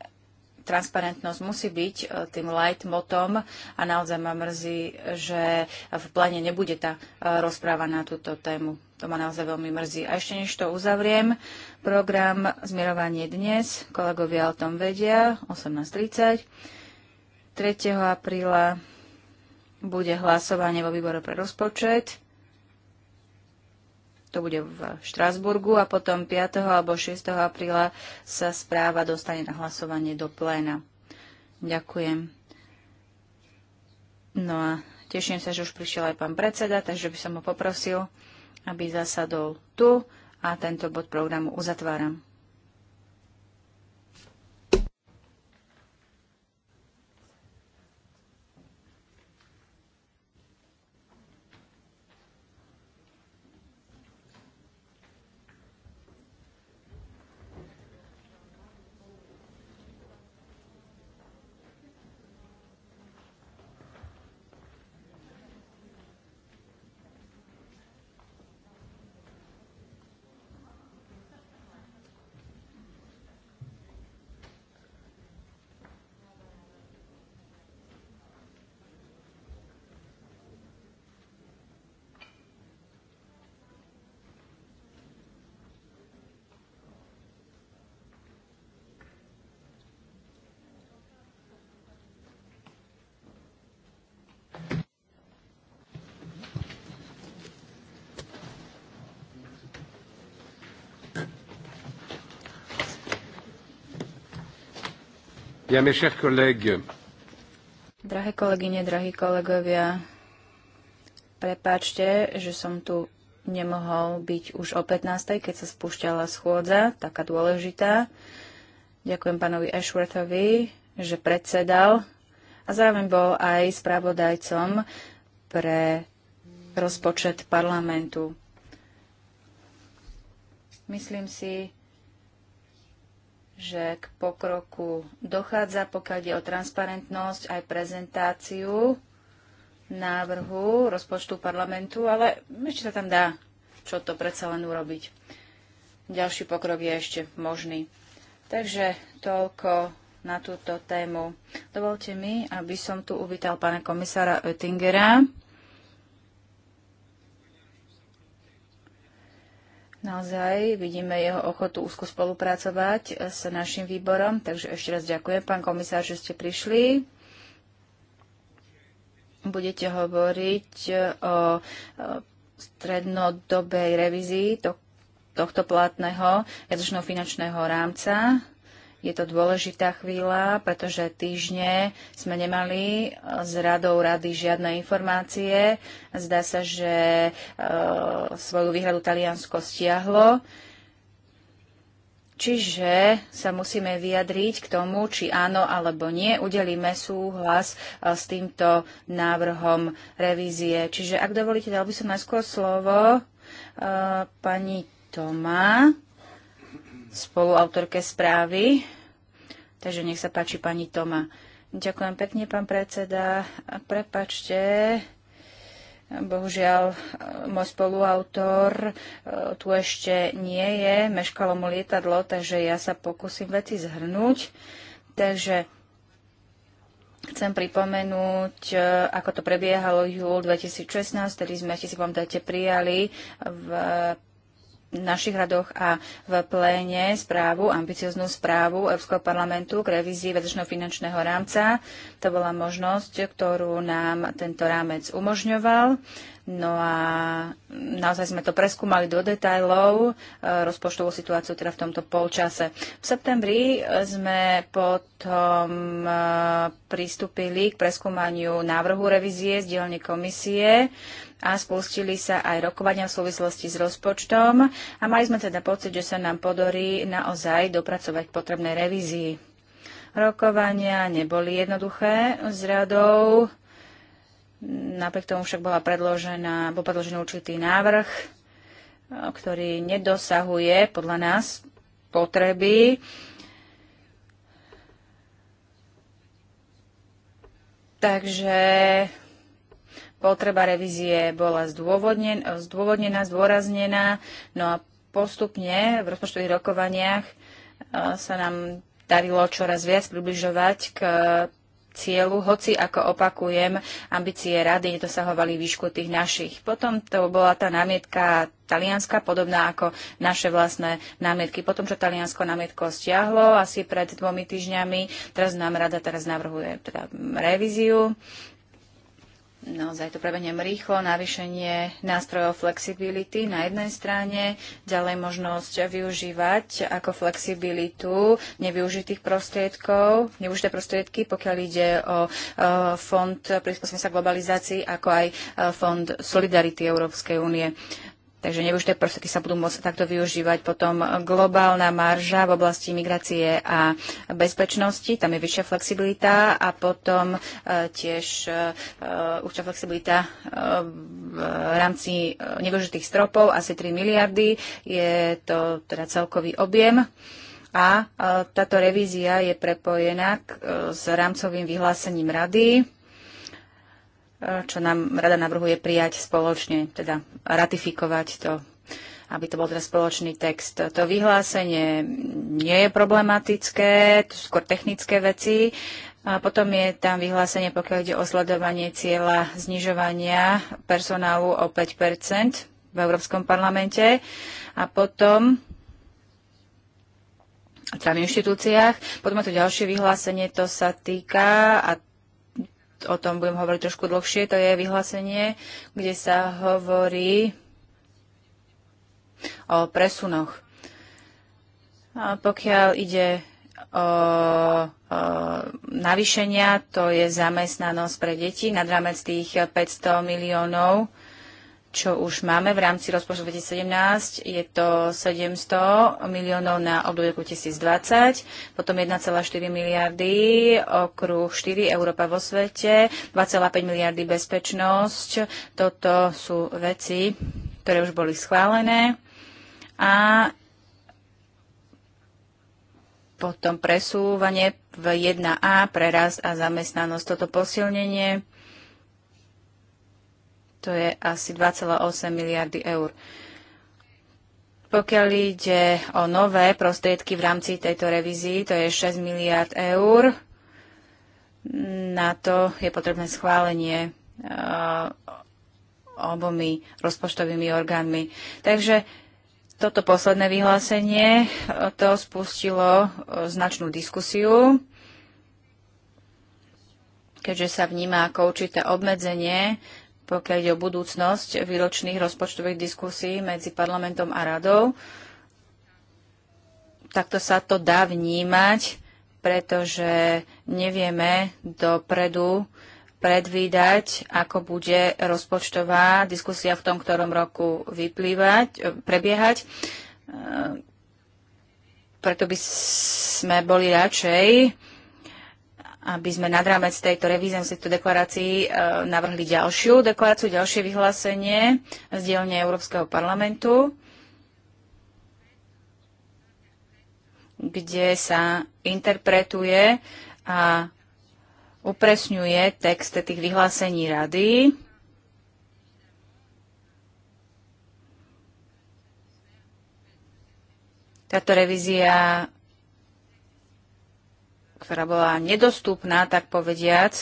transparentnosť musí byť uh, tým light motom a naozaj ma mrzí, že v pláne nebude tá uh, rozpráva na túto tému. To ma naozaj veľmi mrzí. A ešte než to uzavriem, program Zmierovanie dnes, kolegovia o tom vedia, 18.30 3. apríla bude hlasovanie vo výbore pre rozpočet. To bude v Štrásburgu a potom 5. alebo 6. apríla sa správa dostane na hlasovanie do pléna. Ďakujem. No a teším sa, že už prišiel aj pán predseda, takže by som ho poprosil, aby zasadol tu a tento bod programu uzatváram. Drahé kolegyne, drahí kolegovia, prepáčte, že som tu nemohol byť už o 15. keď sa spúšťala schôdza, taká dôležitá. Ďakujem pánovi Ashworthovi, že predsedal a zároveň bol aj spravodajcom pre rozpočet parlamentu. Myslím si, že k pokroku dochádza, pokiaľ ide o transparentnosť aj prezentáciu návrhu rozpočtu parlamentu, ale ešte sa tam dá čo to predsa len urobiť. Ďalší pokrok je ešte možný. Takže toľko na túto tému. Dovolte mi, aby som tu uvítal pána komisára Oettingera. Naozaj vidíme jeho ochotu úzko spolupracovať e, s našim výborom, takže ešte raz ďakujem, pán komisár, že ste prišli. Budete hovoriť e, o e, strednodobej revízii tohto platného jazyčno-finančného rámca je to dôležitá chvíľa, pretože týždne sme nemali eh, s radou rady žiadne informácie. Zdá sa, že e, svoju výhradu Taliansko stiahlo. Čiže sa musíme vyjadriť k tomu, či áno alebo nie, udelíme súhlas eh, s týmto návrhom revízie. Čiže ak dovolíte, dal by som najskôr slovo e, pani Toma spoluautorke správy. Takže nech sa páči pani Toma. Ďakujem pekne, pán predseda. Prepačte, bohužiaľ, môj spoluautor e, tu ešte nie je, meškalo mu lietadlo, takže ja sa pokúsim veci zhrnúť. Takže chcem pripomenúť, e, ako to prebiehalo júl 2016, ktorý sme, si pamätáte, prijali v našich radoch a v pléne správu, ambicioznú správu Európskeho parlamentu k revízii vedečného finančného rámca. To bola možnosť, ktorú nám tento rámec umožňoval. No a naozaj sme to preskúmali do detajlov, e, rozpočtovú situáciu teda v tomto polčase. V septembri sme potom e, pristúpili k preskúmaniu návrhu revízie z dielne komisie a spustili sa aj rokovania v súvislosti s rozpočtom a mali sme teda pocit, že sa nám podarí naozaj dopracovať potrebné revízii. Rokovania neboli jednoduché s radou, napriek tomu však bola predložená, bol predložený určitý návrh, ktorý nedosahuje podľa nás potreby. Takže Potreba revízie bola zdôvodnen- zdôvodnená, zdôraznená, no a postupne v rozpočtových rokovaniach e, sa nám darilo čoraz viac približovať k cieľu, hoci, ako opakujem, ambície rady nedosahovali výšku tých našich. Potom to bola tá námietka talianska, podobná ako naše vlastné námietky. Potom, čo Taliansko námietko stiahlo, asi pred dvomi týždňami, teraz nám rada teraz navrhuje teda revíziu naozaj to prebeniem rýchlo, navýšenie nástrojov flexibility na jednej strane, ďalej možnosť využívať ako flexibilitu nevyužitých prostriedkov, nevyužité prostriedky, pokiaľ ide o e, fond prispôsobenia sa globalizácii, ako aj e, fond Solidarity Európskej únie. Takže nevyužité prostriedky sa budú môcť takto využívať. Potom globálna marža v oblasti migrácie a bezpečnosti, tam je vyššia flexibilita a potom e, tiež e, e, určia flexibilita e, v rámci e, nevyužitých stropov, asi 3 miliardy, je to teda celkový objem. A e, táto revízia je prepojená k, s rámcovým vyhlásením rady čo nám rada navrhuje prijať spoločne, teda ratifikovať to, aby to bol teda spoločný text. To vyhlásenie nie je problematické, to sú skôr technické veci. A potom je tam vyhlásenie, pokiaľ ide o sledovanie cieľa znižovania personálu o 5 v Európskom parlamente. A potom teda v inštitúciách. Potom je tu ďalšie vyhlásenie, to sa týka, a o tom budem hovoriť trošku dlhšie, to je vyhlásenie, kde sa hovorí o presunoch. A pokiaľ ide o, o navýšenia, to je zamestnanosť pre deti nad rámec tých 500 miliónov čo už máme v rámci rozpočtu 2017. Je to 700 miliónov na obdobie 2020, potom 1,4 miliardy, okruh 4 Európa vo svete, 2,5 miliardy bezpečnosť. Toto sú veci, ktoré už boli schválené. A potom presúvanie v 1A pre rast a zamestnanosť. Toto posilnenie to je asi 2,8 miliardy eur. Pokiaľ ide o nové prostriedky v rámci tejto revízii, to je 6 miliard eur. Na to je potrebné schválenie uh, obomi rozpočtovými orgánmi. Takže toto posledné vyhlásenie, e, to spustilo e, značnú diskusiu, keďže sa vníma ako určité obmedzenie pokiaľ ide o budúcnosť výročných rozpočtových diskusí medzi parlamentom a radou. Takto sa to dá vnímať, pretože nevieme dopredu predvídať, ako bude rozpočtová diskusia v tom, ktorom roku vyplývať, prebiehať. Preto by sme boli radšej, aby sme nad rámec tejto revízie tejto deklarácii e, navrhli ďalšiu deklaráciu, ďalšie vyhlásenie z dielne Európskeho parlamentu, kde sa interpretuje a upresňuje text tých vyhlásení rady. Táto revízia ktorá bola nedostupná, tak povediac,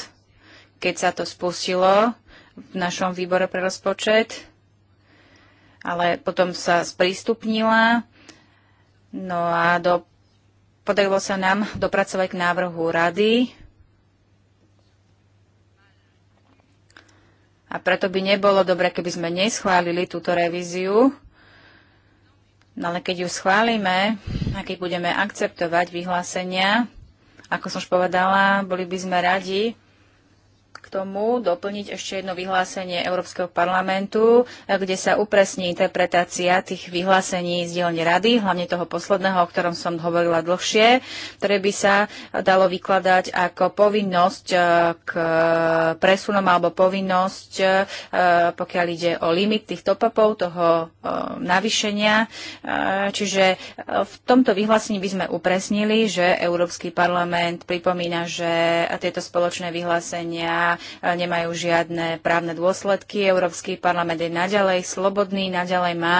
keď sa to spustilo v našom výbore pre rozpočet, ale potom sa sprístupnila. No a do, podarilo sa nám dopracovať k návrhu rady. A preto by nebolo dobre, keby sme neschválili túto revíziu. No ale keď ju schválime a keď budeme akceptovať vyhlásenia ako som už povedala, boli by sme radi, k tomu doplniť ešte jedno vyhlásenie Európskeho parlamentu, e, kde sa upresní interpretácia tých vyhlásení z dielne rady, hlavne toho posledného, o ktorom som hovorila dlhšie, ktoré by sa dalo vykladať ako povinnosť e, k presunom alebo povinnosť, e, pokiaľ ide o limit tých topapov, toho navýšenia. Čiže v tomto vyhlásení by sme upresnili, že Európsky parlament pripomína, že tieto spoločné vyhlásenia nemajú žiadne právne dôsledky. Európsky parlament je naďalej slobodný, naďalej má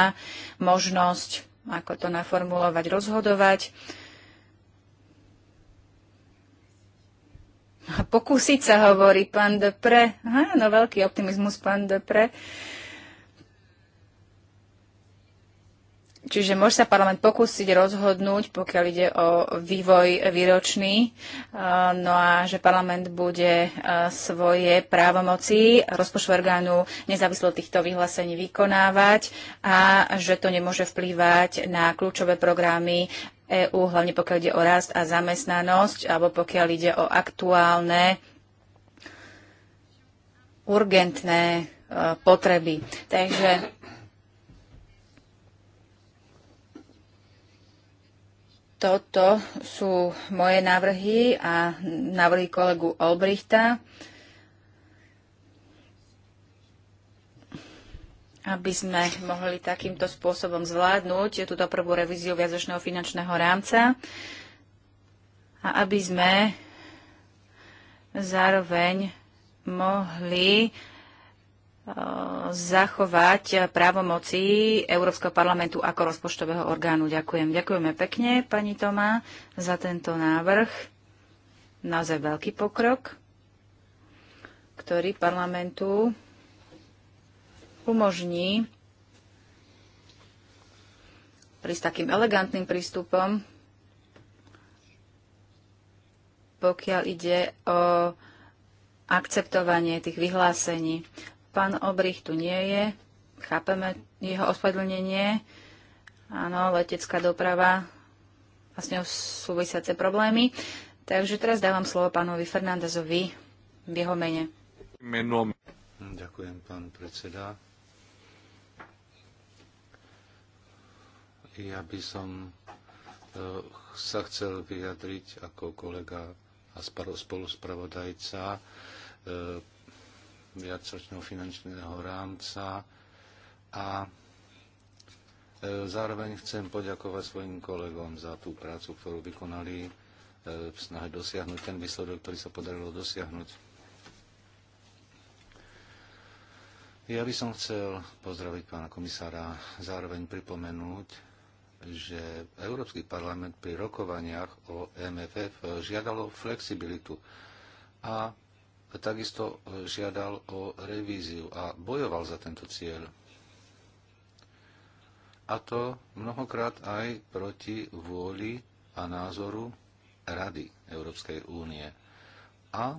možnosť, ako to naformulovať, rozhodovať. Pokúsiť sa, hovorí pán Depre. Áno, veľký optimizmus, pán Depre. Uh, Čiže môže sa parlament pokúsiť rozhodnúť, pokiaľ ide o vývoj výročný, no a že parlament bude svoje právomoci rozpočtu orgánu nezávislo týchto vyhlásení vykonávať a že to nemôže vplývať na kľúčové programy EÚ, hlavne pokiaľ ide o rast a zamestnanosť, alebo pokiaľ ide o aktuálne urgentné potreby. Takže Toto sú moje návrhy a návrhy kolegu Olbrichta, aby sme mohli takýmto spôsobom zvládnuť túto prvú revíziu viazočného finančného rámca a aby sme zároveň mohli zachovať právomoci Európskeho parlamentu ako rozpočtového orgánu. Ďakujem. Ďakujeme pekne, pani Tomá, za tento návrh. Naozaj veľký pokrok, ktorý parlamentu umožní prísť takým elegantným prístupom, pokiaľ ide o akceptovanie tých vyhlásení. Pán Obrich tu nie je. Chápeme jeho ospravedlnenie. Áno, letecká doprava a s ňou súvisiace problémy. Takže teraz dávam slovo pánovi Fernandezovi v jeho mene. Menom. Ďakujem, pán predseda. Ja by som e, sa chcel vyjadriť ako kolega a spoluspravodajca e, viacročného finančného rámca a e, zároveň chcem poďakovať svojim kolegom za tú prácu, ktorú vykonali e, v snahe dosiahnuť ten výsledok, ktorý sa podarilo dosiahnuť. Ja by som chcel pozdraviť pána komisára, zároveň pripomenúť, že Európsky parlament pri rokovaniach o MFF žiadalo flexibilitu a takisto e, žiadal o revíziu a bojoval za tento cieľ. A to mnohokrát aj proti vôli a názoru Rady Európskej únie. A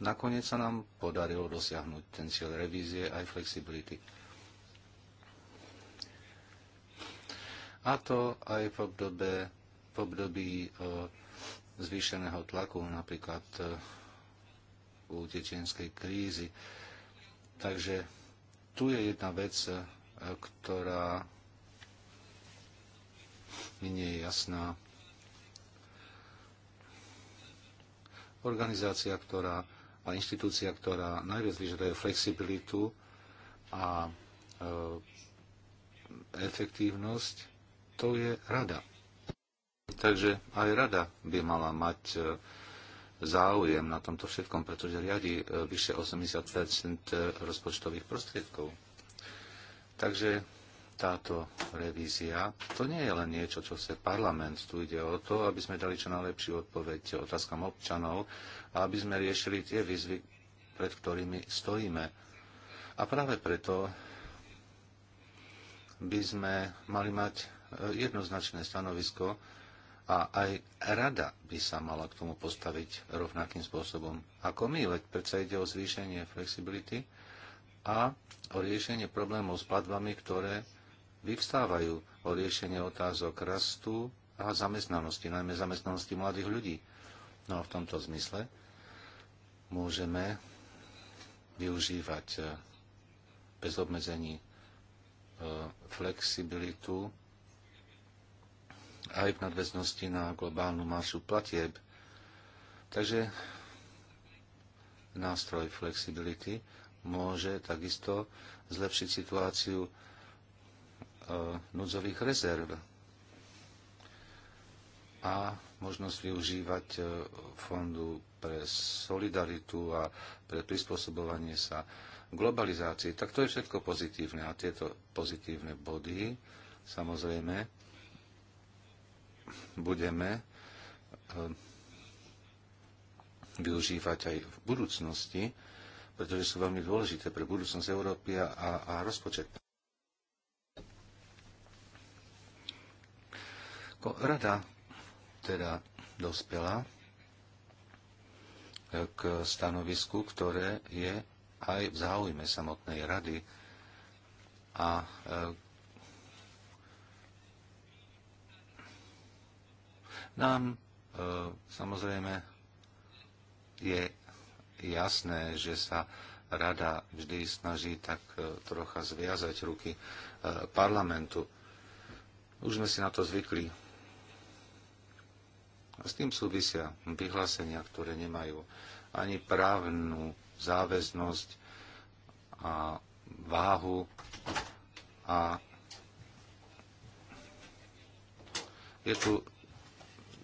nakoniec sa nám podarilo dosiahnuť ten cieľ revízie aj flexibility. A to aj v, obdobe, v období e, zvýšeného tlaku napríklad e, utečenskej krízy. Takže tu je jedna vec, e, ktorá mi nie je jasná. Organizácia, ktorá a inštitúcia, ktorá najviac vyžaduje flexibilitu a e, efektívnosť, to je rada. Takže aj rada by mala mať e, záujem na tomto všetkom, pretože riadi e, vyše 80 e, rozpočtových prostriedkov. Takže táto revízia, to nie je len niečo, čo chce parlament. Tu ide o to, aby sme dali čo najlepšiu odpoveď otázkam občanov a aby sme riešili tie výzvy, pred ktorými stojíme. A práve preto by sme mali mať e, jednoznačné stanovisko, a aj rada by sa mala k tomu postaviť rovnakým spôsobom ako my, veď predsa ide o zvýšenie flexibility a o riešenie problémov s platbami, ktoré vyvstávajú, o riešenie otázok rastu a zamestnanosti, najmä zamestnanosti mladých ľudí. No a v tomto zmysle môžeme využívať eh, bez obmedzení eh, flexibilitu aj v nadväznosti na globálnu masu platieb. Takže nástroj flexibility môže takisto zlepšiť situáciu e, núdzových rezerv a možnosť využívať e, fondu pre solidaritu a pre prispôsobovanie sa globalizácii. Tak to je všetko pozitívne a tieto pozitívne body samozrejme budeme eh, využívať aj v budúcnosti, pretože sú veľmi dôležité pre budúcnosť Európy a, a rozpočet. Rada teda dospela eh, k stanovisku, ktoré je aj v záujme samotnej rady a eh, Nám e, samozrejme je jasné, že sa rada vždy snaží tak e, trocha zviazať ruky e, parlamentu. Už sme si na to zvykli. A s tým súvisia vyhlásenia, ktoré nemajú ani právnu záväznosť a váhu a je tu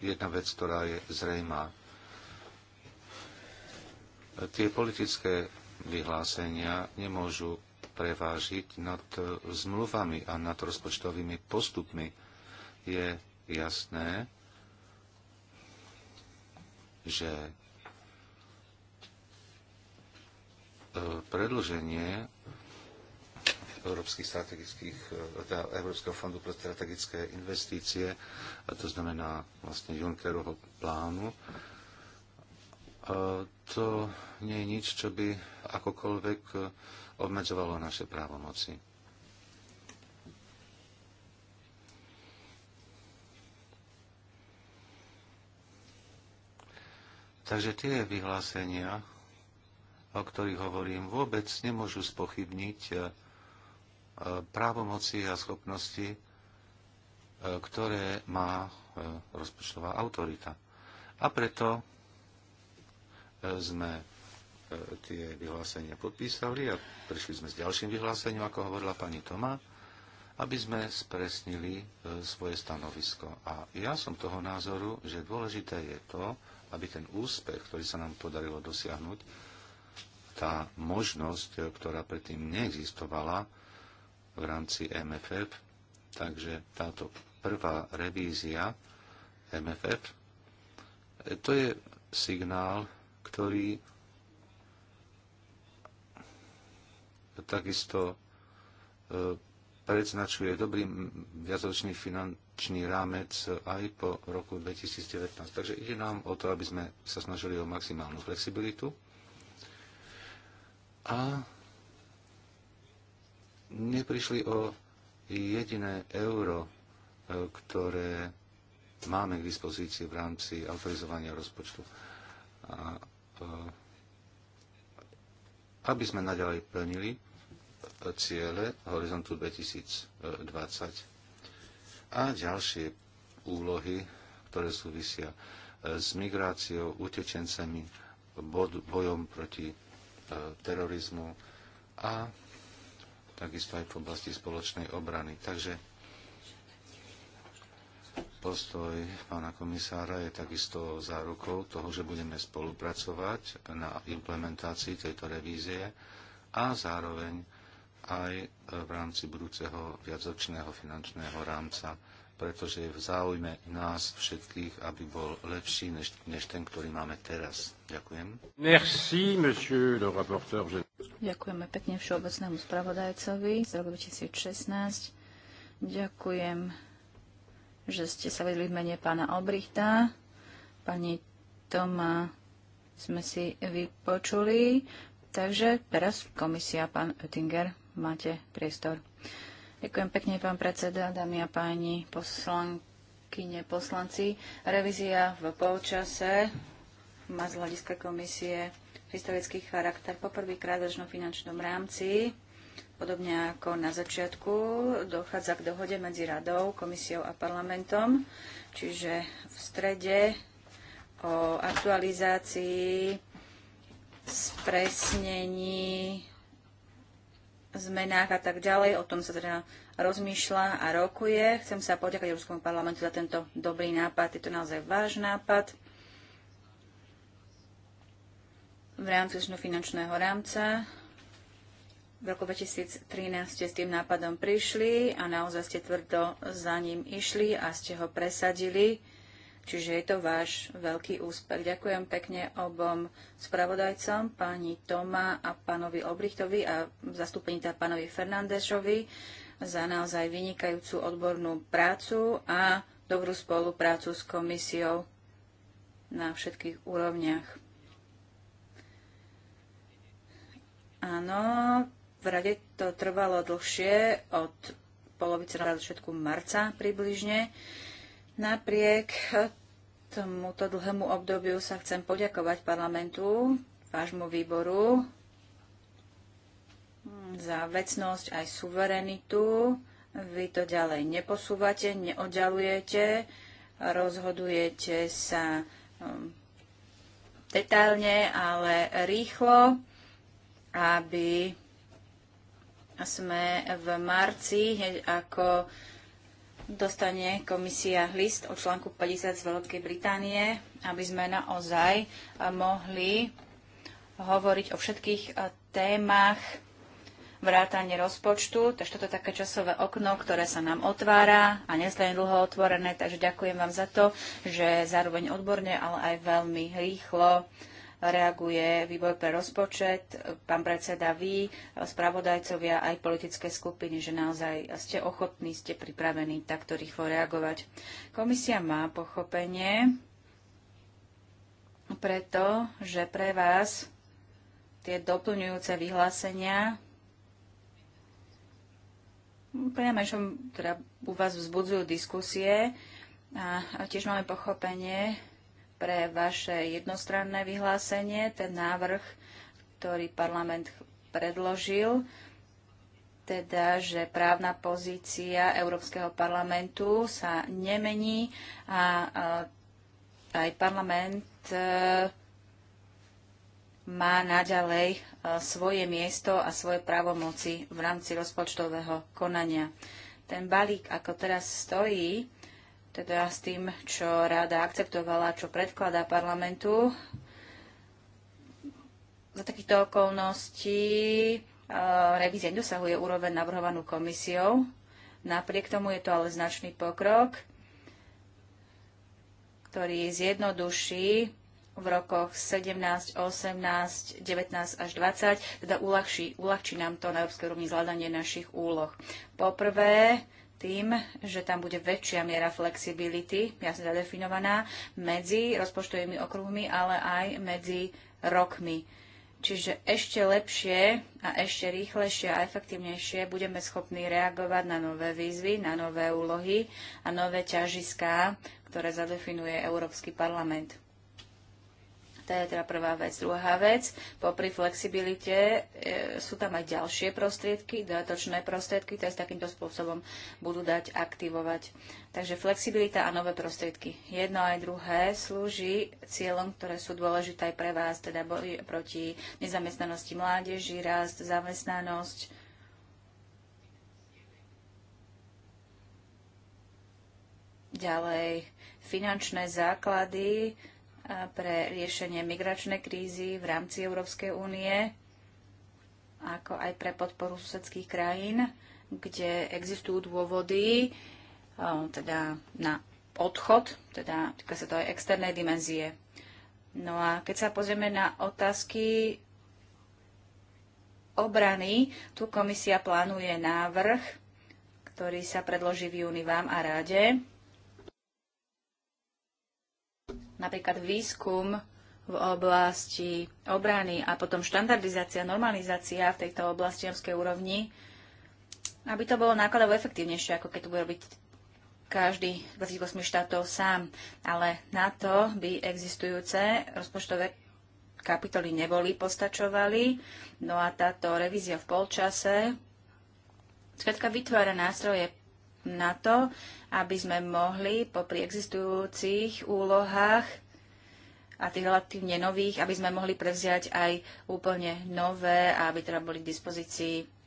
jedna vec, ktorá je zrejmá. Tie politické vyhlásenia nemôžu prevážiť nad zmluvami a nad rozpočtovými postupmi. Je jasné, že e, predlženie Európskych strategických, e, teda Európskeho fondu pre strategické investície, a to znamená vlastne Junckerovho plánu. E, to nie je nič, čo by akokoľvek e, obmedzovalo naše právomoci. Takže tie vyhlásenia, o ktorých hovorím, vôbec nemôžu spochybniť právomoci a schopnosti, e, ktoré má e, rozpočtová autorita. A preto e, sme tie vyhlásenia podpísali a prišli sme s ďalším vyhlásením, ako hovorila pani Toma, aby sme spresnili svoje stanovisko. A ja som toho názoru, že dôležité je to, aby ten úspech, ktorý sa nám podarilo dosiahnuť, tá možnosť, ktorá predtým neexistovala, v rámci MFF, takže táto prvá revízia MFF, e, to je signál, ktorý takisto e, predznačuje dobrý viacročný finančný rámec aj po roku 2019. Takže ide nám o to, aby sme sa snažili o maximálnu flexibilitu a neprišli o jediné euro, e, ktoré máme k dispozícii v rámci autorizovania rozpočtu. A, e, aby sme naďalej plnili e, ciele Horizontu 2020 a ďalšie úlohy, ktoré súvisia s migráciou, utečencami, bojom proti terorizmu a takisto aj v oblasti spoločnej obrany. Takže postoj pána komisára je takisto zárukou toho, že budeme spolupracovať na implementácii tejto revízie a zároveň aj v rámci budúceho viacročného finančného rámca pretože je v záujme nás všetkých, aby bol lepší než, než ten, ktorý máme teraz. Ďakujem. Merci, monsieur le rapporteur. Ďakujeme pekne všeobecnému spravodajcovi z roku 2016. Ďakujem, že ste sa vedli v mene pána Obrichta. Pani Toma sme si vypočuli. Takže teraz komisia, pán Oettinger, máte priestor. Ďakujem pekne, pán predseda, dámy a páni poslankyne, poslanci. Revízia v polčase má z hľadiska komisie historický charakter. Poprvýkrát v finančnom rámci, podobne ako na začiatku, dochádza k dohode medzi radou, komisiou a parlamentom, čiže v strede o aktualizácii, spresnení, zmenách a tak ďalej. O tom sa teda rozmýšľa a rokuje. Chcem sa poďakať Európskemu parlamentu za tento dobrý nápad. Je to naozaj váš nápad. v rámci finančného rámca. V roku 2013 ste s tým nápadom prišli a naozaj ste tvrdo za ním išli a ste ho presadili. Čiže je to váš veľký úspech. Ďakujem pekne obom spravodajcom, pani Toma a pánovi Obrichtovi a zastúpení tá teda pánovi Fernandešovi za naozaj vynikajúcu odbornú prácu a dobrú spoluprácu s komisiou na všetkých úrovniach. Áno, v rade to trvalo dlhšie, od polovice na začiatku marca približne. Napriek tomuto dlhému obdobiu sa chcem poďakovať parlamentu, vášmu výboru, za vecnosť aj suverenitu. Vy to ďalej neposúvate, neodďalujete, rozhodujete sa um, detailne, ale rýchlo aby sme v marci, hneď ako dostane komisia list o článku 50 z Veľkej Británie, aby sme naozaj mohli hovoriť o všetkých témach vrátanie rozpočtu. Takže toto je také časové okno, ktoré sa nám otvára a nezdajem dlho otvorené. Takže ďakujem vám za to, že zároveň odborne, ale aj veľmi rýchlo reaguje výbor pre rozpočet, pán predseda, vy, spravodajcovia, aj politické skupiny, že naozaj ste ochotní, ste pripravení takto rýchlo reagovať. Komisia má pochopenie, preto, že pre vás tie doplňujúce vyhlásenia priamejšom teda u vás vzbudzujú diskusie a tiež máme pochopenie, pre vaše jednostranné vyhlásenie, ten návrh, ktorý parlament predložil, teda, že právna pozícia Európskeho parlamentu sa nemení a, aj parlament e, má naďalej e, svoje miesto a svoje právomoci v rámci rozpočtového konania. Ten balík, ako teraz stojí, teda s tým, čo rada akceptovala, čo predkladá parlamentu. Za takýchto okolností e, revízia dosahuje úroveň navrhovanú komisiou. Napriek tomu je to ale značný pokrok, ktorý zjednoduší v rokoch 17, 18, 19 až 20, teda uľahčí, uľahčí nám to na európskej úrovni zvládanie našich úloh. Poprvé, tým, že tam bude väčšia miera flexibility, jasne zadefinovaná, medzi rozpočtovými okruhmi, ale aj medzi rokmi. Čiže ešte lepšie a ešte rýchlejšie a efektívnejšie budeme schopní reagovať na nové výzvy, na nové úlohy a nové ťažiská, ktoré zadefinuje Európsky parlament. To je teda prvá vec. Druhá vec, popri flexibilite e, sú tam aj ďalšie prostriedky, dodatočné prostriedky, ktoré s takýmto spôsobom budú dať aktivovať. Takže flexibilita a nové prostriedky. Jedno aj druhé slúži cieľom, ktoré sú dôležité aj pre vás, teda boj proti nezamestnanosti mládeži, rast, zamestnanosť, ďalej finančné základy pre riešenie migračnej krízy v rámci Európskej únie, ako aj pre podporu susedských krajín, kde existujú dôvody teda na odchod, teda týka sa to aj externej dimenzie. No a keď sa pozrieme na otázky obrany, tu komisia plánuje návrh, ktorý sa predloží v júni vám a ráde napríklad výskum v oblasti obrany a potom štandardizácia, normalizácia v tejto oblasti európskej úrovni, aby to bolo nákladovo efektívnejšie, ako keď to bude robiť každý 28 štátov sám. Ale na to by existujúce rozpočtové kapitoly neboli postačovali. No a táto revízia v polčase skrátka vytvára nástroje na to, aby sme mohli pri existujúcich úlohách a tých relatívne nových, aby sme mohli prevziať aj úplne nové a aby teda boli k dispozícii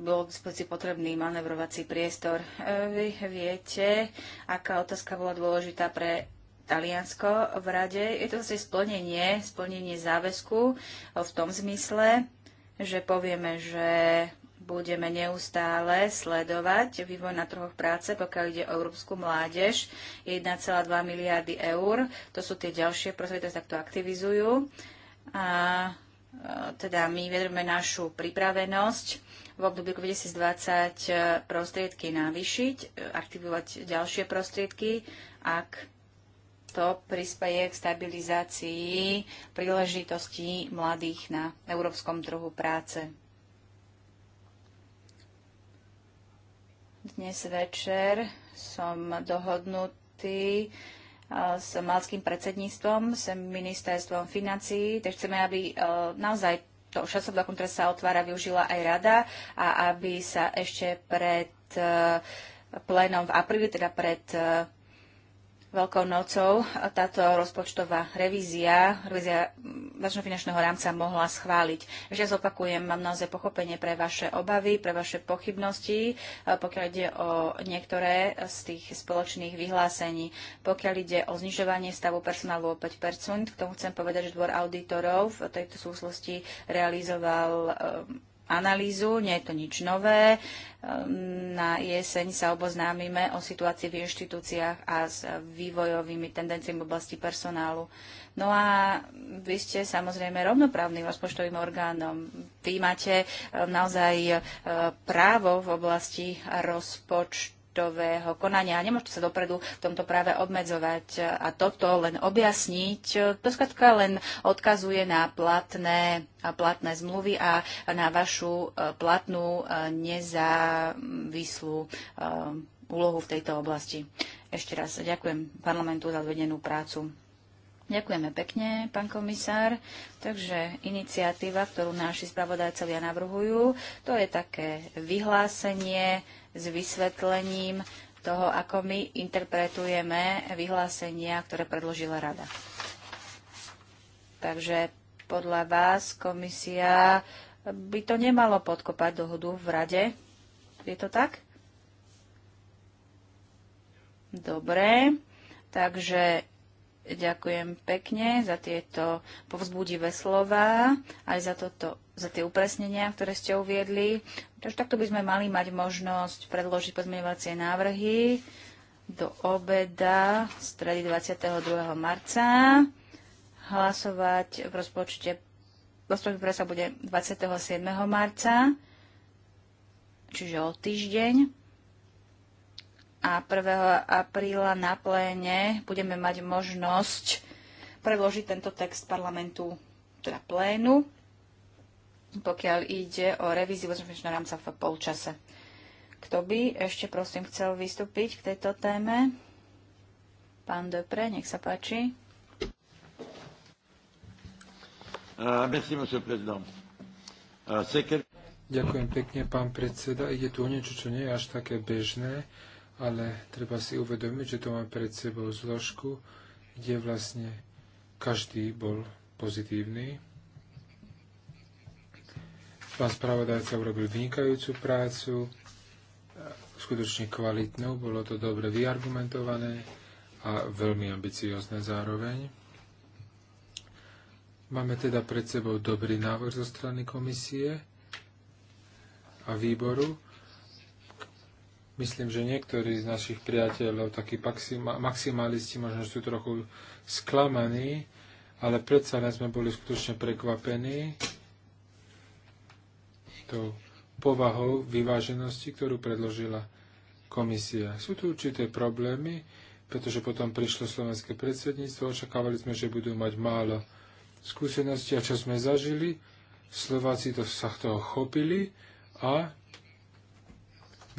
bol k dispozícii potrebný manevrovací priestor. E, vy viete, aká otázka bola dôležitá pre Taliansko v rade. Je to zase splnenie, splnenie záväzku v tom zmysle, že povieme, že budeme neustále sledovať vývoj na trhoch práce, pokiaľ ide o európsku mládež. 1,2 miliardy eur, to sú tie ďalšie prostriedky, ktoré sa takto aktivizujú. A e, teda my vedrme našu pripravenosť v období 2020 e, prostriedky navýšiť, e, aktivovať ďalšie prostriedky, ak to prispieje k stabilizácii príležitostí mladých na európskom trhu práce. Dnes večer som dohodnutý s malským predsedníctvom, s ministerstvom financií, takže chceme, aby e, naozaj to šacoblakom, ktoré sa otvára, využila aj rada a aby sa ešte pred e, plénom v apríli, teda pred e, Veľkou nocou táto rozpočtová revízia, revízia vašho finančného rámca mohla schváliť. Ešte zopakujem, mám naozaj pochopenie pre vaše obavy, pre vaše pochybnosti, eh, pokiaľ ide o niektoré z tých spoločných vyhlásení. Pokiaľ ide o znižovanie stavu personálu o 5%, k tomu chcem povedať, že dvor auditorov v tejto súvislosti realizoval eh, analýzu, nie je to nič nové. Ehm, na jeseň sa oboznámime o situácii v inštitúciách a s vývojovými tendenciami v oblasti personálu. No a vy ste samozrejme rovnoprávnym rozpočtovým orgánom. Vy máte ehm, naozaj ehm, právo v oblasti rozpočtu rozpočtového konania. A nemôžete sa dopredu v tomto práve obmedzovať a toto len objasniť. To skratka len odkazuje na platné, platné zmluvy a na vašu e, platnú e, nezávislú e, úlohu v tejto oblasti. Ešte raz ďakujem parlamentu za odvedenú prácu. Ďakujeme pekne, pán komisár. Takže iniciatíva, ktorú naši spravodajcovia navrhujú, to je také vyhlásenie s vysvetlením toho, ako my interpretujeme vyhlásenia, ktoré predložila Rada. Takže podľa vás komisia by to nemalo podkopať dohodu v Rade. Je to tak? Dobre, takže ďakujem pekne za tieto povzbudivé slova, aj za toto za tie upresnenia, ktoré ste uviedli. Takže takto by sme mali mať možnosť predložiť pozmeňovacie návrhy do obeda stredy 22. marca. Hlasovať v rozpočte rozpočet bude 27. marca, čiže o týždeň. A 1. apríla na pléne budeme mať možnosť predložiť tento text parlamentu, teda plénu pokiaľ ide o revíziu bezpečnostného rámca v polčase. Kto by ešte prosím chcel vystúpiť k tejto téme? Pán Dopre, nech sa páči. Uh, uh, Ďakujem pekne, pán predseda. Ide tu o niečo, čo nie je až také bežné, ale treba si uvedomiť, že to má pred sebou zložku, kde vlastne každý bol pozitívny Pán spravodajca urobil vynikajúcu prácu, skutočne kvalitnú, bolo to dobre vyargumentované a veľmi ambiciozne zároveň. Máme teda pred sebou dobrý návrh zo strany komisie a výboru. Myslím, že niektorí z našich priateľov, takí maximalisti, možno sú trochu sklamaní, ale predsa len sme boli skutočne prekvapení tou povahou vyváženosti, ktorú predložila komisia. Sú tu určité problémy, pretože potom prišlo slovenské predsedníctvo, očakávali sme, že budú mať málo skúseností a čo sme zažili, Slováci to, sa toho chopili a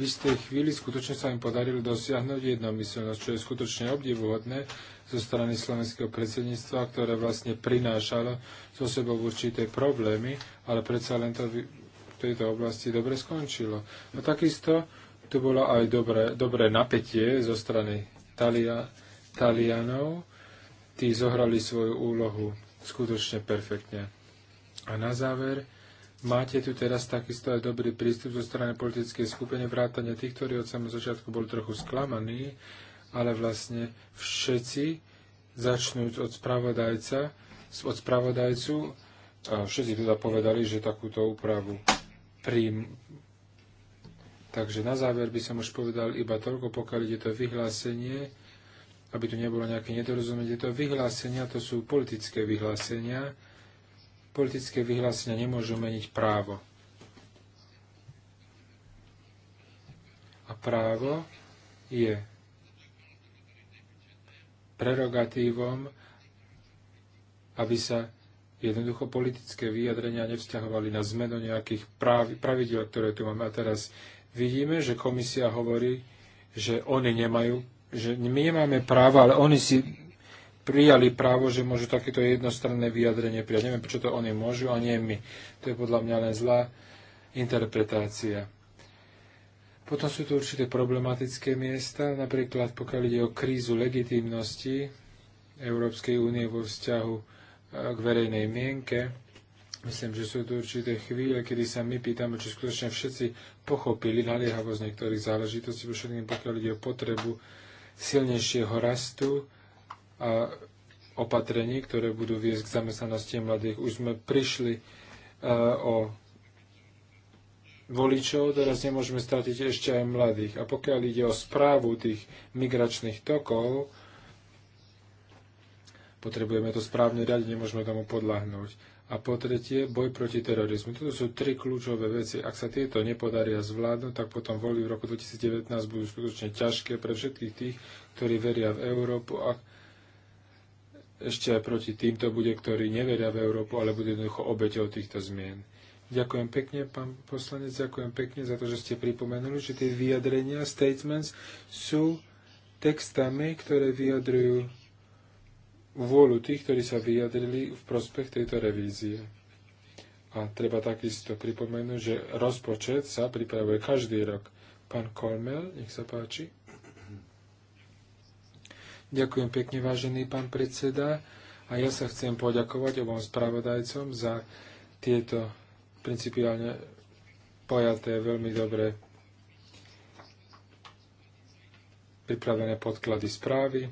v istej chvíli skutočne sa im podarilo dosiahnuť jednomyselnosť, čo je skutočne obdivuhodné zo strany slovenského predsedníctva, ktoré vlastne prinášalo so sebou určité problémy, ale predsa len to tejto oblasti dobre skončilo. A takisto tu bolo aj dobré, dobré napätie zo strany Talia, Talianov. Tí zohrali svoju úlohu skutočne perfektne. A na záver, máte tu teraz takisto aj dobrý prístup zo strany politickej skupiny vrátane tých, ktorí od samého začiatku boli trochu sklamaní, ale vlastne všetci, začnú od spravodajca, od spravodajcu, a všetci teda povedali, že takúto úpravu príjmu. Takže na záver by som už povedal iba toľko, pokiaľ ide to vyhlásenie, aby tu nebolo nejaké nedorozumenie. Tieto vyhlásenia to sú politické vyhlásenia. Politické vyhlásenia nemôžu meniť právo. A právo je prerogatívom, aby sa jednoducho politické vyjadrenia nevzťahovali na zmenu nejakých práv, pravidel, ktoré tu máme. A teraz vidíme, že komisia hovorí, že oni nemajú, že my nemáme práva, ale oni si prijali právo, že môžu takéto jednostranné vyjadrenie prijať. Neviem, prečo to oni môžu a nie my. To je podľa mňa len zlá interpretácia. Potom sú tu určité problematické miesta, napríklad pokiaľ ide o krízu legitimnosti Európskej únie vo vzťahu k verejnej mienke. Myslím, že sú tu určité chvíle, kedy sa my pýtame, či skutočne všetci pochopili naliehavosť niektorých záležitostí, bo všetkým pokiaľ ide o potrebu silnejšieho rastu a opatrení, ktoré budú viesť k zamestnanosti mladých. Už sme prišli uh, o voličov, teraz nemôžeme stratiť ešte aj mladých. A pokiaľ ide o správu tých migračných tokov, Potrebujeme to správne riadiť, nemôžeme tomu podľahnúť. A po tretie, boj proti terorizmu. Toto sú tri kľúčové veci. Ak sa tieto nepodaria zvládnuť, tak potom voľby v roku 2019 budú skutočne ťažké pre všetkých tých, ktorí veria v Európu a ešte aj proti týmto bude, ktorí neveria v Európu, ale budú jednoducho obeťou týchto zmien. Ďakujem pekne, pán poslanec, ďakujem pekne za to, že ste pripomenuli, že tie vyjadrenia, statements sú textami, ktoré vyjadrujú vôľu tých, ktorí sa vyjadrili v prospech tejto revízie. A treba takisto pripomenúť, že rozpočet sa pripravuje každý rok. Pán Kolmel, nech sa páči. Ďakujem pekne, vážený pán predseda. A ja sa chcem poďakovať obom spravodajcom za tieto principiálne pojaté veľmi dobre pripravené podklady správy.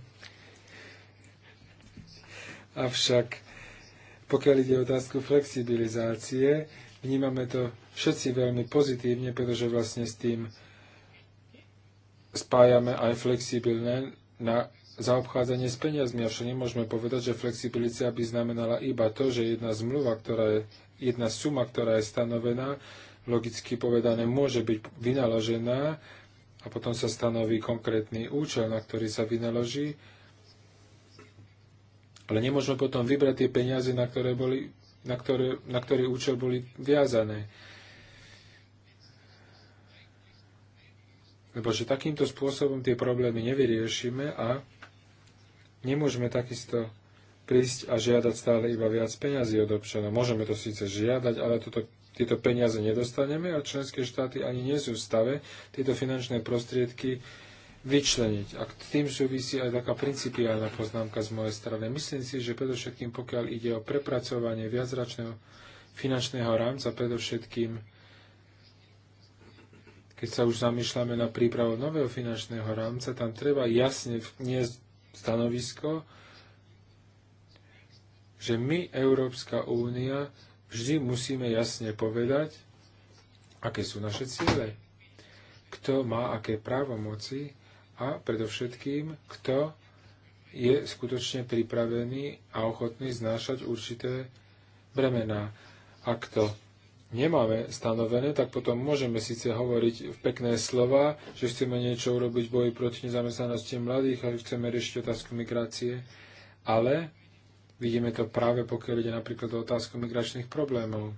Avšak pokiaľ ide o otázku flexibilizácie, vnímame to všetci veľmi pozitívne, pretože vlastne s tým spájame aj flexibilné na zaobchádzanie s peniazmi. Avšak nemôžeme povedať, že flexibilizácia by znamenala iba to, že jedna zmluva, ktorá je, jedna suma, ktorá je stanovená, logicky povedané, môže byť vynaložená a potom sa stanoví konkrétny účel, na ktorý sa vynaloží ale nemôžeme potom vybrať tie peniaze, na ktoré, boli, na ktoré, na ktoré účel boli viazané. Lebo že takýmto spôsobom tie problémy nevyriešime a nemôžeme takisto prísť a žiadať stále iba viac peňazí od občana. Môžeme to síce žiadať, ale toto, tieto peniaze nedostaneme a členské štáty ani nie sú v stave tieto finančné prostriedky vyčleniť. A tým súvisí aj taká principiálna poznámka z mojej strany. Myslím si, že predovšetkým pokiaľ ide o prepracovanie viacračného finančného rámca, predovšetkým keď sa už zamýšľame na prípravu nového finančného rámca, tam treba jasne vniesť stanovisko, že my, Európska únia, vždy musíme jasne povedať, aké sú naše ciele, kto má aké právomoci a predovšetkým, kto je skutočne pripravený a ochotný znášať určité bremená. Ak to nemáme stanovené, tak potom môžeme síce hovoriť v pekné slova, že chceme niečo urobiť v boji proti nezamestnanosti mladých a že chceme riešiť otázku migrácie, ale vidíme to práve pokiaľ ide napríklad o otázku migračných problémov.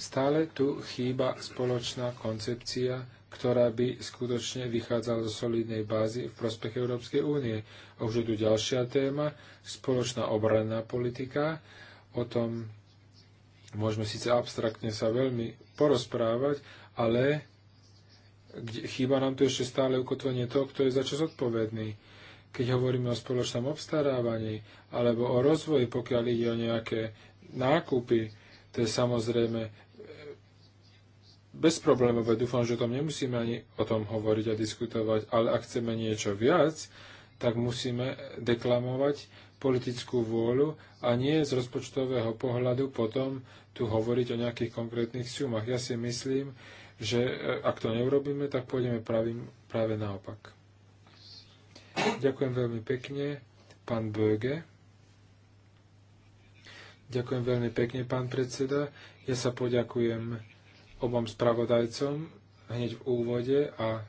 Stále tu chýba spoločná koncepcia ktorá by skutočne vychádzala zo solidnej bázy v prospech Európskej únie. A už je tu ďalšia téma, spoločná obranná politika. O tom môžeme síce abstraktne sa veľmi porozprávať, ale kde, chýba nám tu ešte stále ukotvenie toho, kto je za čo zodpovedný. Keď hovoríme o spoločnom obstarávaní alebo o rozvoji, pokiaľ ide o nejaké nákupy, to je samozrejme bezproblémové. Dúfam, že o tom nemusíme ani o tom hovoriť a diskutovať, ale ak chceme niečo viac, tak musíme deklamovať politickú vôľu a nie z rozpočtového pohľadu potom tu hovoriť o nejakých konkrétnych sumách. Ja si myslím, že e, ak to neurobíme, tak pôjdeme pravým, práve naopak. Ďakujem veľmi pekne, pán Böge. Ďakujem veľmi pekne, pán predseda. Ja sa poďakujem obom spravodajcom hneď v úvode a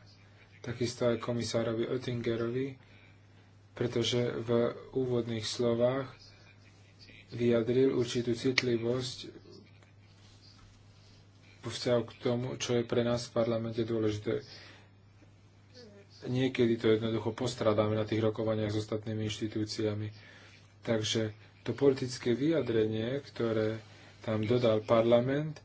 takisto aj komisárovi Oettingerovi, pretože v úvodných slovách vyjadril určitú citlivosť vo vzťahu k tomu, čo je pre nás v parlamente dôležité. Niekedy to jednoducho postradáme na tých rokovaniach s ostatnými inštitúciami. Takže to politické vyjadrenie, ktoré tam dodal parlament,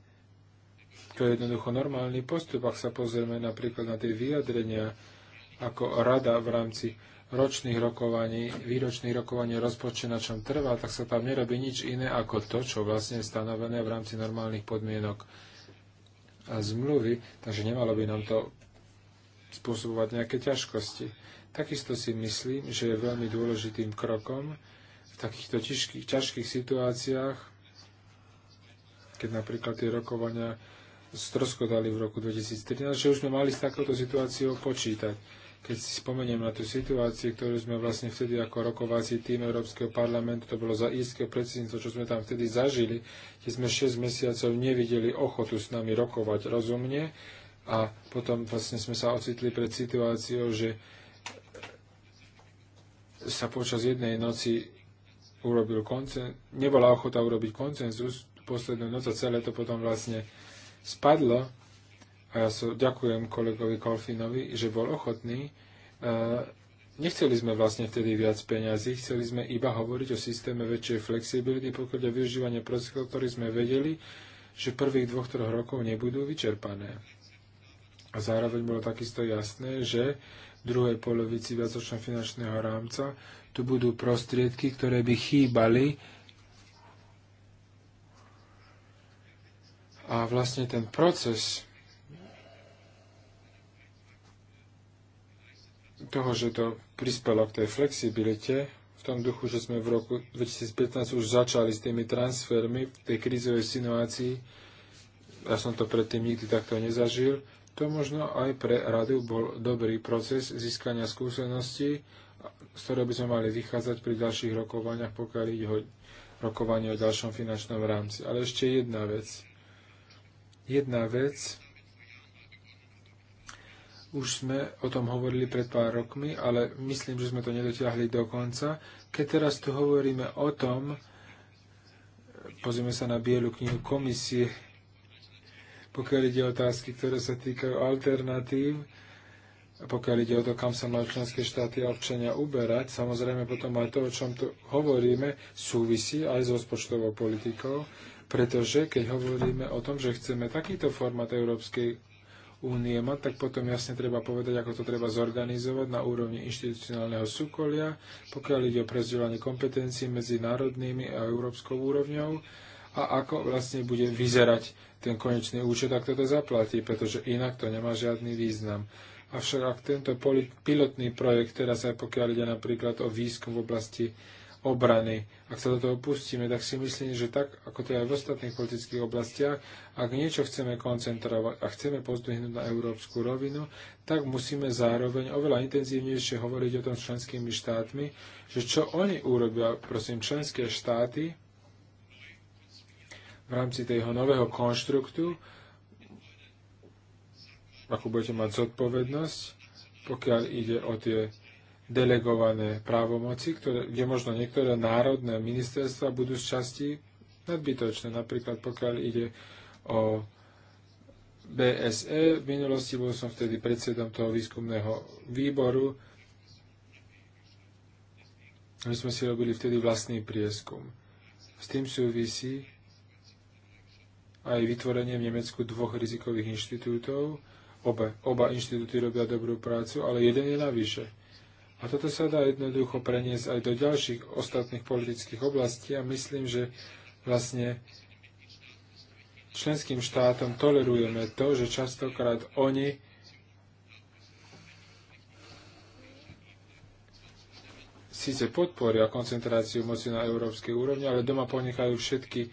to je jednoducho normálny postup, ak sa pozrieme napríklad na tie vyjadrenia ako rada v rámci ročných rokovaní, výročných rokovaní rozpočte, na čom trvá, tak sa tam nerobí nič iné ako to, čo vlastne je stanovené v rámci normálnych podmienok a zmluvy, takže nemalo by nám to spôsobovať nejaké ťažkosti. Takisto si myslím, že je veľmi dôležitým krokom v takýchto ťažkých, ťažkých situáciách, keď napríklad tie rokovania stroskotali v roku 2013, že už sme mali s takouto situáciou počítať. Keď si spomeniem na tú situáciu, ktorú sme vlastne vtedy ako rokovací tým Európskeho parlamentu, to bolo za írskeho predsedníctva, čo sme tam vtedy zažili, kde sme 6 mesiacov nevideli ochotu s nami rokovať rozumne a potom vlastne sme sa ocitli pred situáciou, že sa počas jednej noci urobil koncen, nebola ochota urobiť koncenzus, poslednú noc a celé to potom vlastne spadlo, a ja so, ďakujem kolegovi Kolfinovi, že bol ochotný, Nechceli sme vlastne vtedy viac peňazí, chceli sme iba hovoriť o systéme väčšej flexibility, pokiaľ je využívanie prostriedkov, ktoré sme vedeli, že prvých dvoch, troch rokov nebudú vyčerpané. A zároveň bolo takisto jasné, že v druhej polovici viacočného finančného rámca tu budú prostriedky, ktoré by chýbali A vlastne ten proces toho, že to prispelo k tej flexibilite, v tom duchu, že sme v roku 2015 už začali s tými transfermi v tej krízovej situácii, ja som to predtým nikdy takto nezažil, to možno aj pre radu bol dobrý proces získania skúseností, z ktorého by sme mali vychádzať pri ďalších rokovaniach, pokiaľ ide o rokovanie o ďalšom finančnom rámci. Ale ešte jedna vec. Jedna vec, už sme o tom hovorili pred pár rokmi, ale myslím, že sme to nedotiahli do konca. Keď teraz tu hovoríme o tom, pozrieme sa na bielu knihu komisie, pokiaľ ide o otázky, ktoré sa týkajú alternatív, pokiaľ ide o to, kam sa majú členské štáty a občania uberať, samozrejme potom aj to, o čom tu hovoríme, súvisí aj s rozpočtovou politikou pretože keď hovoríme o tom, že chceme takýto format Európskej únie mať, tak potom jasne treba povedať, ako to treba zorganizovať na úrovni inštitucionálneho súkolia, pokiaľ ide o prezdielanie kompetencií medzi národnými a európskou úrovňou a ako vlastne bude vyzerať ten konečný účet, ak toto zaplatí, pretože inak to nemá žiadny význam. Avšak ak tento pilotný projekt, teraz aj pokiaľ ide napríklad o výskum v oblasti obrany. Ak sa do toho pustíme, tak si myslím, že tak, ako to je aj v ostatných politických oblastiach, ak niečo chceme koncentrovať a chceme pozdvihnúť na európsku rovinu, tak musíme zároveň oveľa intenzívnejšie hovoriť o tom s členskými štátmi, že čo oni urobia, prosím, členské štáty v rámci tejho nového konštruktu, ako budete mať zodpovednosť, pokiaľ ide o tie delegované právomoci, ktoré, kde možno niektoré národné ministerstva budú z časti nadbytočné. Napríklad pokiaľ ide o BSE, v minulosti bol som vtedy predsedom toho výskumného výboru, my sme si robili vtedy vlastný prieskum. S tým súvisí aj vytvorenie v Nemecku dvoch rizikových inštitútov. Obe, oba inštitúty robia dobrú prácu, ale jeden je navyše. A toto sa dá jednoducho preniesť aj do ďalších ostatných politických oblastí a myslím, že vlastne členským štátom tolerujeme to, že častokrát oni síce podporia koncentráciu moci na európskej úrovni, ale doma ponechajú všetky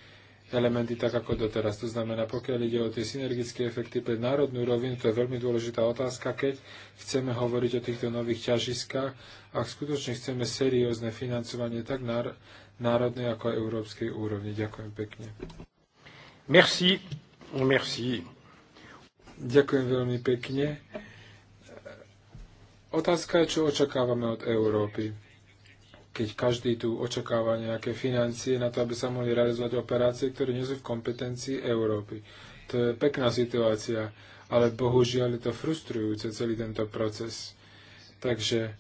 elementy tak ako doteraz. To znamená, pokiaľ ide o tie synergické efekty pre národnú rovinu, to je veľmi dôležitá otázka, keď chceme hovoriť o týchto nových ťažiskách, ak skutočne chceme seriózne financovanie tak na národnej ako aj európskej úrovni. Ďakujem pekne. Merci. Merci. Ďakujem veľmi pekne. Otázka je, čo očakávame od Európy keď každý tu očakáva nejaké financie na to, aby sa mohli realizovať operácie, ktoré nie sú v kompetencii Európy. To je pekná situácia, ale bohužiaľ je to frustrujúce celý tento proces. Takže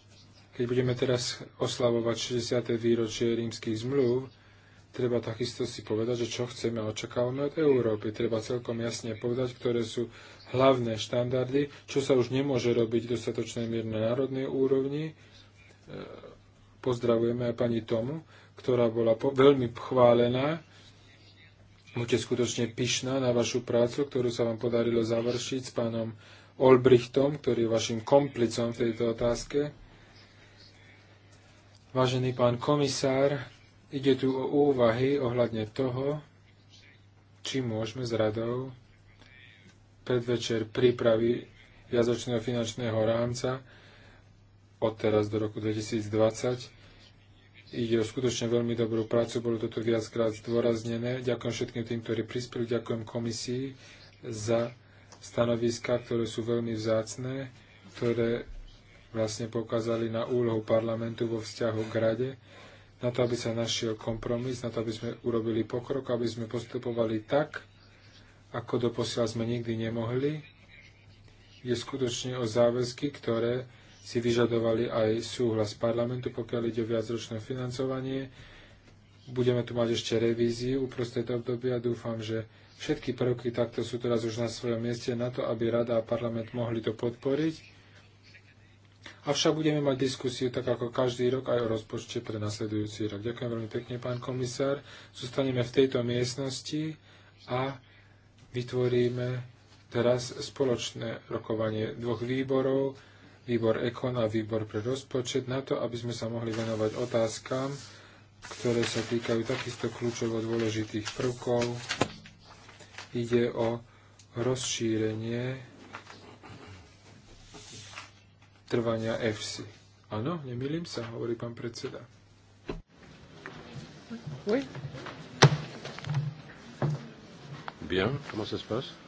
keď budeme teraz oslavovať 60. výročie rímskych zmluv, treba takisto si povedať, že čo chceme a očakávame od Európy. Treba celkom jasne povedať, ktoré sú hlavné štandardy, čo sa už nemôže robiť v dostatočnej mierne národnej úrovni, Pozdravujeme aj pani Tomu, ktorá bola po- veľmi chválená. Buďte skutočne pyšná na vašu prácu, ktorú sa vám podarilo završiť s pánom Olbrichtom, ktorý je vašim komplicom v tejto otázke. Vážený pán komisár, ide tu o úvahy ohľadne toho, či môžeme s radou predvečer prípravy jazočného finančného rámca od teraz do roku 2020. Ide o skutočne veľmi dobrú prácu, bolo toto viackrát zdôraznené. Ďakujem všetkým tým, ktorí prispeli, ďakujem komisii za stanoviská, ktoré sú veľmi vzácné, ktoré vlastne pokázali na úlohu parlamentu vo vzťahu k rade, na to, aby sa našiel kompromis, na to, aby sme urobili pokrok, aby sme postupovali tak, ako doposiaľ sme nikdy nemohli. Je skutočne o záväzky, ktoré si vyžadovali aj súhlas parlamentu, pokiaľ ide o viacročné financovanie. Budeme tu mať ešte revíziu uprostred obdobia. Dúfam, že všetky prvky takto sú teraz už na svojom mieste na to, aby Rada a parlament mohli to podporiť. Avšak budeme mať diskusiu tak ako každý rok aj o rozpočte pre nasledujúci rok. Ďakujem veľmi pekne, pán komisár. Zostaneme v tejto miestnosti a vytvoríme teraz spoločné rokovanie dvoch výborov, výbor EKON a výbor pre rozpočet na to, aby sme sa mohli venovať otázkam, ktoré sa týkajú takisto kľúčovo dôležitých prvkov. Ide o rozšírenie trvania EFSI. Áno, nemýlim sa, hovorí pán predseda. Oui. Bien, comment ça se passe